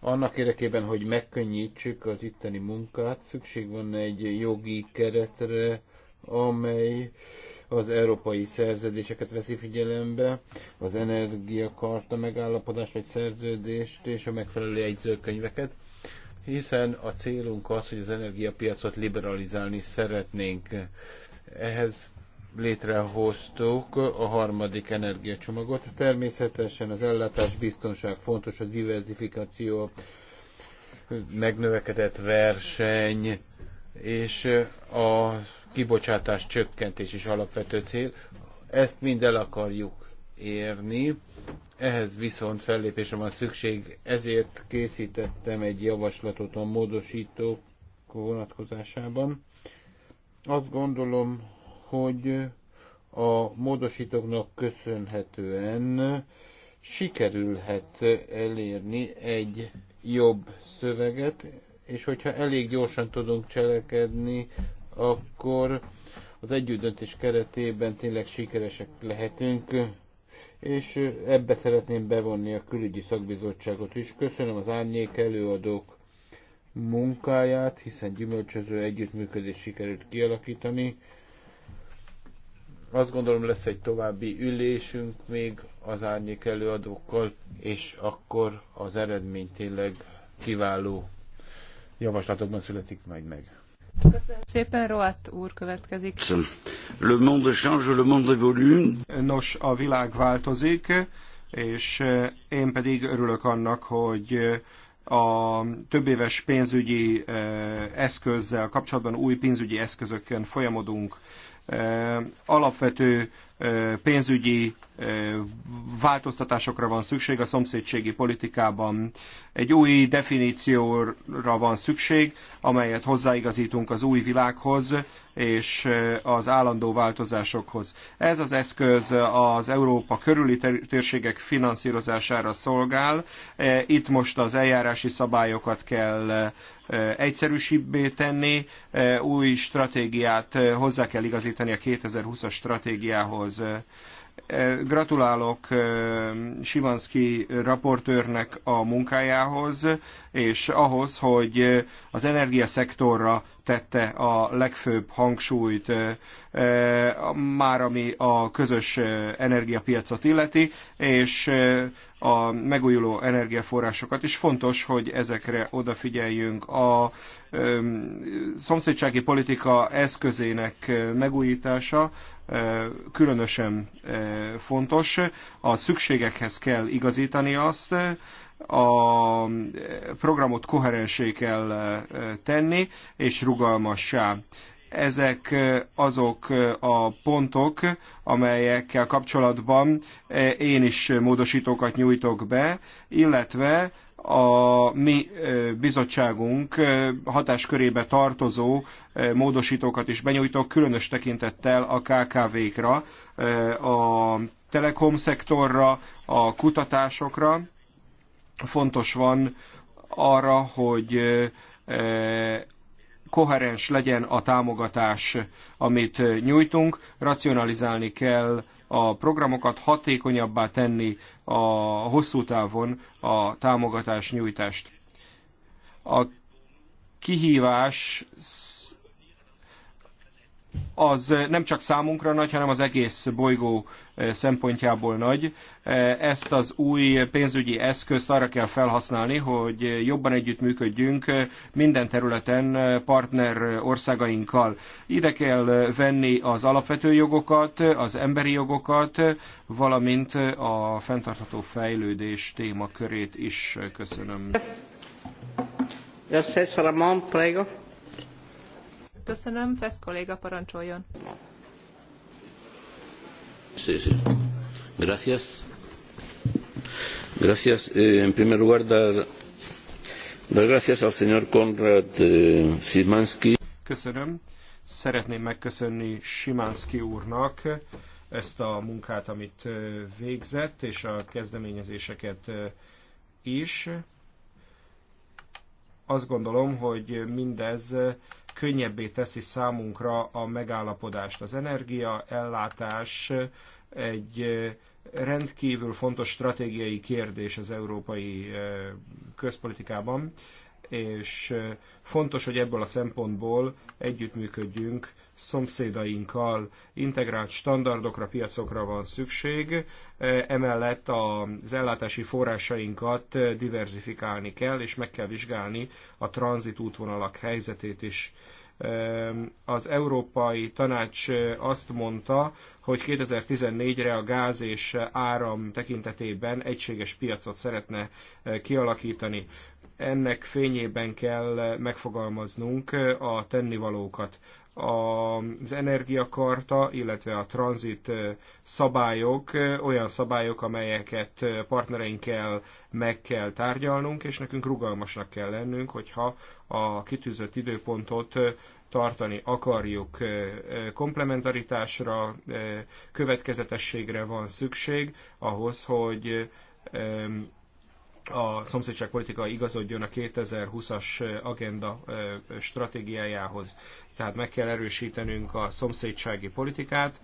Annak érdekében, hogy megkönnyítsük az itteni munkát, szükség van egy jogi keretre, amely az európai szerződéseket veszi figyelembe, az energiakarta megállapodást vagy szerződést és a megfelelő jegyzőkönyveket hiszen a célunk az, hogy az energiapiacot liberalizálni szeretnénk. Ehhez létrehoztuk a harmadik energiacsomagot. Természetesen az ellátás biztonság fontos, a diversifikáció, megnövekedett verseny, és a kibocsátás csökkentés is alapvető cél. Ezt mind el akarjuk érni, ehhez viszont fellépésre van szükség, ezért készítettem egy javaslatot a módosítók vonatkozásában. Azt gondolom, hogy a módosítóknak köszönhetően sikerülhet elérni egy jobb szöveget, és hogyha elég gyorsan tudunk cselekedni, akkor az együttdöntés keretében tényleg sikeresek lehetünk, és ebbe szeretném bevonni a külügyi szakbizottságot is. Köszönöm az árnyék előadók munkáját, hiszen gyümölcsöző együttműködés sikerült kialakítani. Azt gondolom lesz egy további ülésünk még az árnyék előadókkal, és akkor az eredmény tényleg kiváló javaslatokban születik majd meg szépen, úr következik. Le monde change, le monde évolue. Nos, a világ változik, és én pedig örülök annak, hogy a éves pénzügyi eh, eszközzel kapcsolatban új pénzügyi eszközökön folyamodunk. Eh, alapvető pénzügyi változtatásokra van szükség a szomszédségi politikában. Egy új definícióra van szükség, amelyet hozzáigazítunk az új világhoz és az állandó változásokhoz. Ez az eszköz az Európa körüli térségek finanszírozására szolgál. Itt most az eljárási szabályokat kell egyszerűsíbbé tenni, új stratégiát hozzá kell igazítani a 2020-as stratégiához munkához. Gratulálok Simanski raportőrnek a munkájához, és ahhoz, hogy az energiaszektorra tette a legfőbb hangsúlyt már ami a közös energiapiacot illeti, és a megújuló energiaforrásokat, és fontos, hogy ezekre odafigyeljünk. A szomszédsági politika eszközének megújítása különösen fontos. A szükségekhez kell igazítani azt, a programot koherensé kell tenni, és rugalmassá ezek azok a pontok, amelyekkel kapcsolatban én is módosítókat nyújtok be, illetve a mi bizottságunk hatáskörébe tartozó módosítókat is benyújtok, különös tekintettel a KKV-kra, a telekom szektorra, a kutatásokra. Fontos van arra, hogy koherens legyen a támogatás, amit nyújtunk, racionalizálni kell a programokat, hatékonyabbá tenni a hosszú távon a támogatás nyújtást. A kihívás az eh, nem csak számunkra nagy, hanem az egész bolygó eh, szempontjából nagy. Eh, ezt az új pénzügyi eszközt arra kell felhasználni, hogy jobban együttműködjünk minden területen partner országainkkal. Ide kell venni az alapvető jogokat, az emberi jogokat, valamint a fenntartható fejlődés témakörét is. Köszönöm. Gracias, Ramón. Prego. Köszönöm, Fesz kolléga parancsoljon. Sí, sí. Gracias. Gracias. Eh, en primer lugar, dar, dar gracias al señor Konrad eh, Szymanski. Köszönöm. Szeretném megköszönni Simánszki úrnak ezt a munkát, amit eh, végzett, és a kezdeményezéseket eh, is. Azt gondolom, hogy mindez könnyebbé teszi számunkra a megállapodást. Az energia ellátás egy rendkívül fontos stratégiai kérdés az európai közpolitikában és fontos, hogy ebből a szempontból együttműködjünk szomszédainkkal. Integrált standardokra, piacokra van szükség, emellett az ellátási forrásainkat diversifikálni kell, és meg kell vizsgálni a tranzit útvonalak helyzetét is az Európai Tanács azt mondta, hogy 2014-re a gáz és áram tekintetében egységes piacot szeretne kialakítani ennek fényében kell megfogalmaznunk a tennivalókat. Az energiakarta, illetve a tranzit szabályok olyan szabályok, amelyeket partnereinkkel meg kell tárgyalnunk, és nekünk rugalmasnak kell lennünk, hogyha a kitűzött időpontot tartani akarjuk. Komplementaritásra, következetességre van szükség ahhoz, hogy a szomszédságpolitika igazodjon a 2020-as agenda stratégiájához. Tehát meg kell erősítenünk a szomszédsági politikát,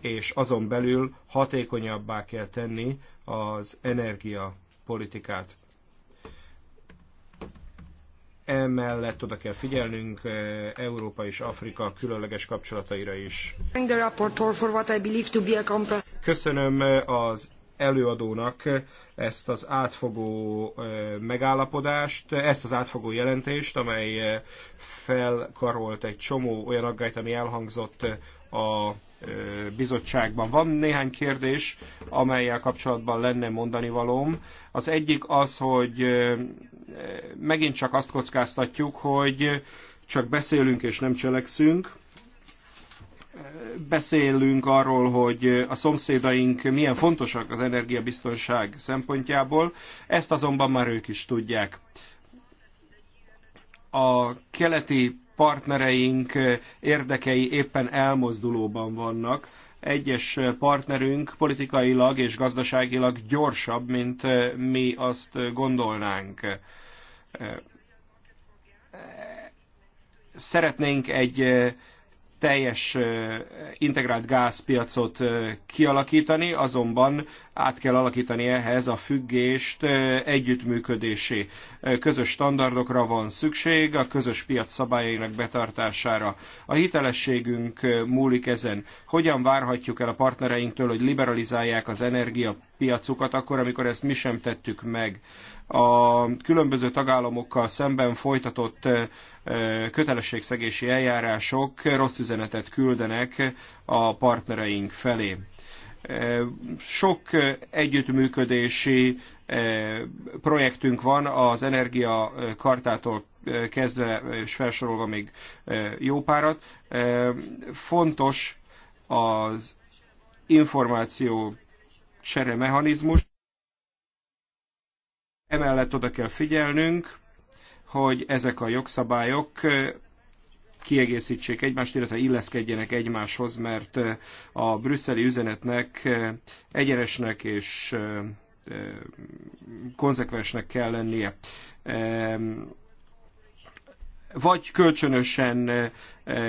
és azon belül hatékonyabbá kell tenni az energiapolitikát. Emellett oda kell figyelnünk Európa és Afrika különleges kapcsolataira is. Köszönöm az előadónak ezt az átfogó megállapodást, ezt az átfogó jelentést, amely felkarolt egy csomó olyan aggályt, ami elhangzott a bizottságban. Van néhány kérdés, amelyel kapcsolatban lenne mondani valóm. Az egyik az, hogy megint csak azt kockáztatjuk, hogy csak beszélünk és nem cselekszünk, beszélünk arról, hogy a szomszédaink milyen fontosak az energiabiztonság szempontjából, ezt azonban már ők is tudják. A keleti partnereink érdekei éppen elmozdulóban vannak. Egyes partnerünk politikailag és gazdaságilag gyorsabb, mint mi azt gondolnánk szeretnénk egy teljes integrált gázpiacot kialakítani, azonban át kell alakítani ehhez a függést együttműködésé. Közös standardokra van szükség, a közös piac szabályainak betartására. A hitelességünk múlik ezen. Hogyan várhatjuk el a partnereinktől, hogy liberalizálják az energia piacukat akkor, amikor ezt mi sem tettük meg. A különböző tagállamokkal szemben folytatott kötelességszegési eljárások rossz üzenetet küldenek a partnereink felé. Sok együttműködési projektünk van az energiakartától kezdve és felsorolva még jó párat. Fontos az információ csere mechanizmus. Emellett oda kell figyelnünk, hogy ezek a jogszabályok kiegészítsék egymást, illetve illeszkedjenek egymáshoz, mert a brüsszeli üzenetnek egyenesnek és konzekvensnek kell lennie. Vagy kölcsönösen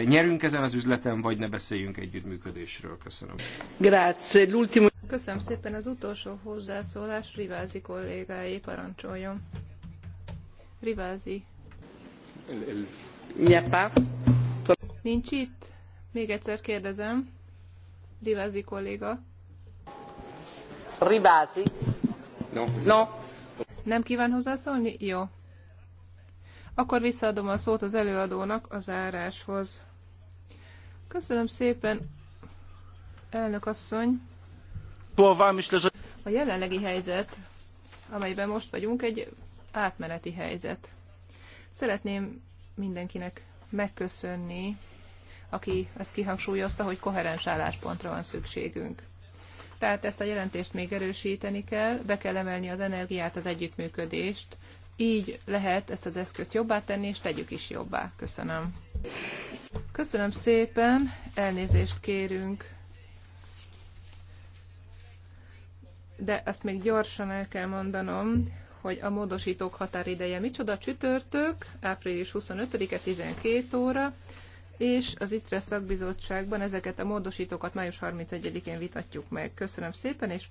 nyerünk ezen az üzleten, vagy ne beszéljünk együttműködésről. Köszönöm. Grazie. Köszönöm szépen az utolsó hozzászólás, Rivázi kollégáé parancsoljon. Rivázi. Nincs itt? Még egyszer kérdezem. Rivázi kolléga. Rivázi. No. No. Nem kíván hozzászólni? Jó. Akkor visszaadom a szót az előadónak a záráshoz. Köszönöm szépen, elnök asszony. A jelenlegi helyzet, amelyben most vagyunk, egy átmeneti helyzet. Szeretném mindenkinek megköszönni, aki ezt kihangsúlyozta, hogy koherens álláspontra van szükségünk. Tehát ezt a jelentést még erősíteni kell, be kell emelni az energiát, az együttműködést, így lehet ezt az eszközt jobbá tenni, és tegyük is jobbá. Köszönöm. Köszönöm szépen, elnézést kérünk de azt még gyorsan el kell mondanom, hogy a módosítók határideje micsoda csütörtök, április 25-e 12 óra, és az ITRE szakbizottságban ezeket a módosítókat május 31-én vitatjuk meg. Köszönöm szépen, és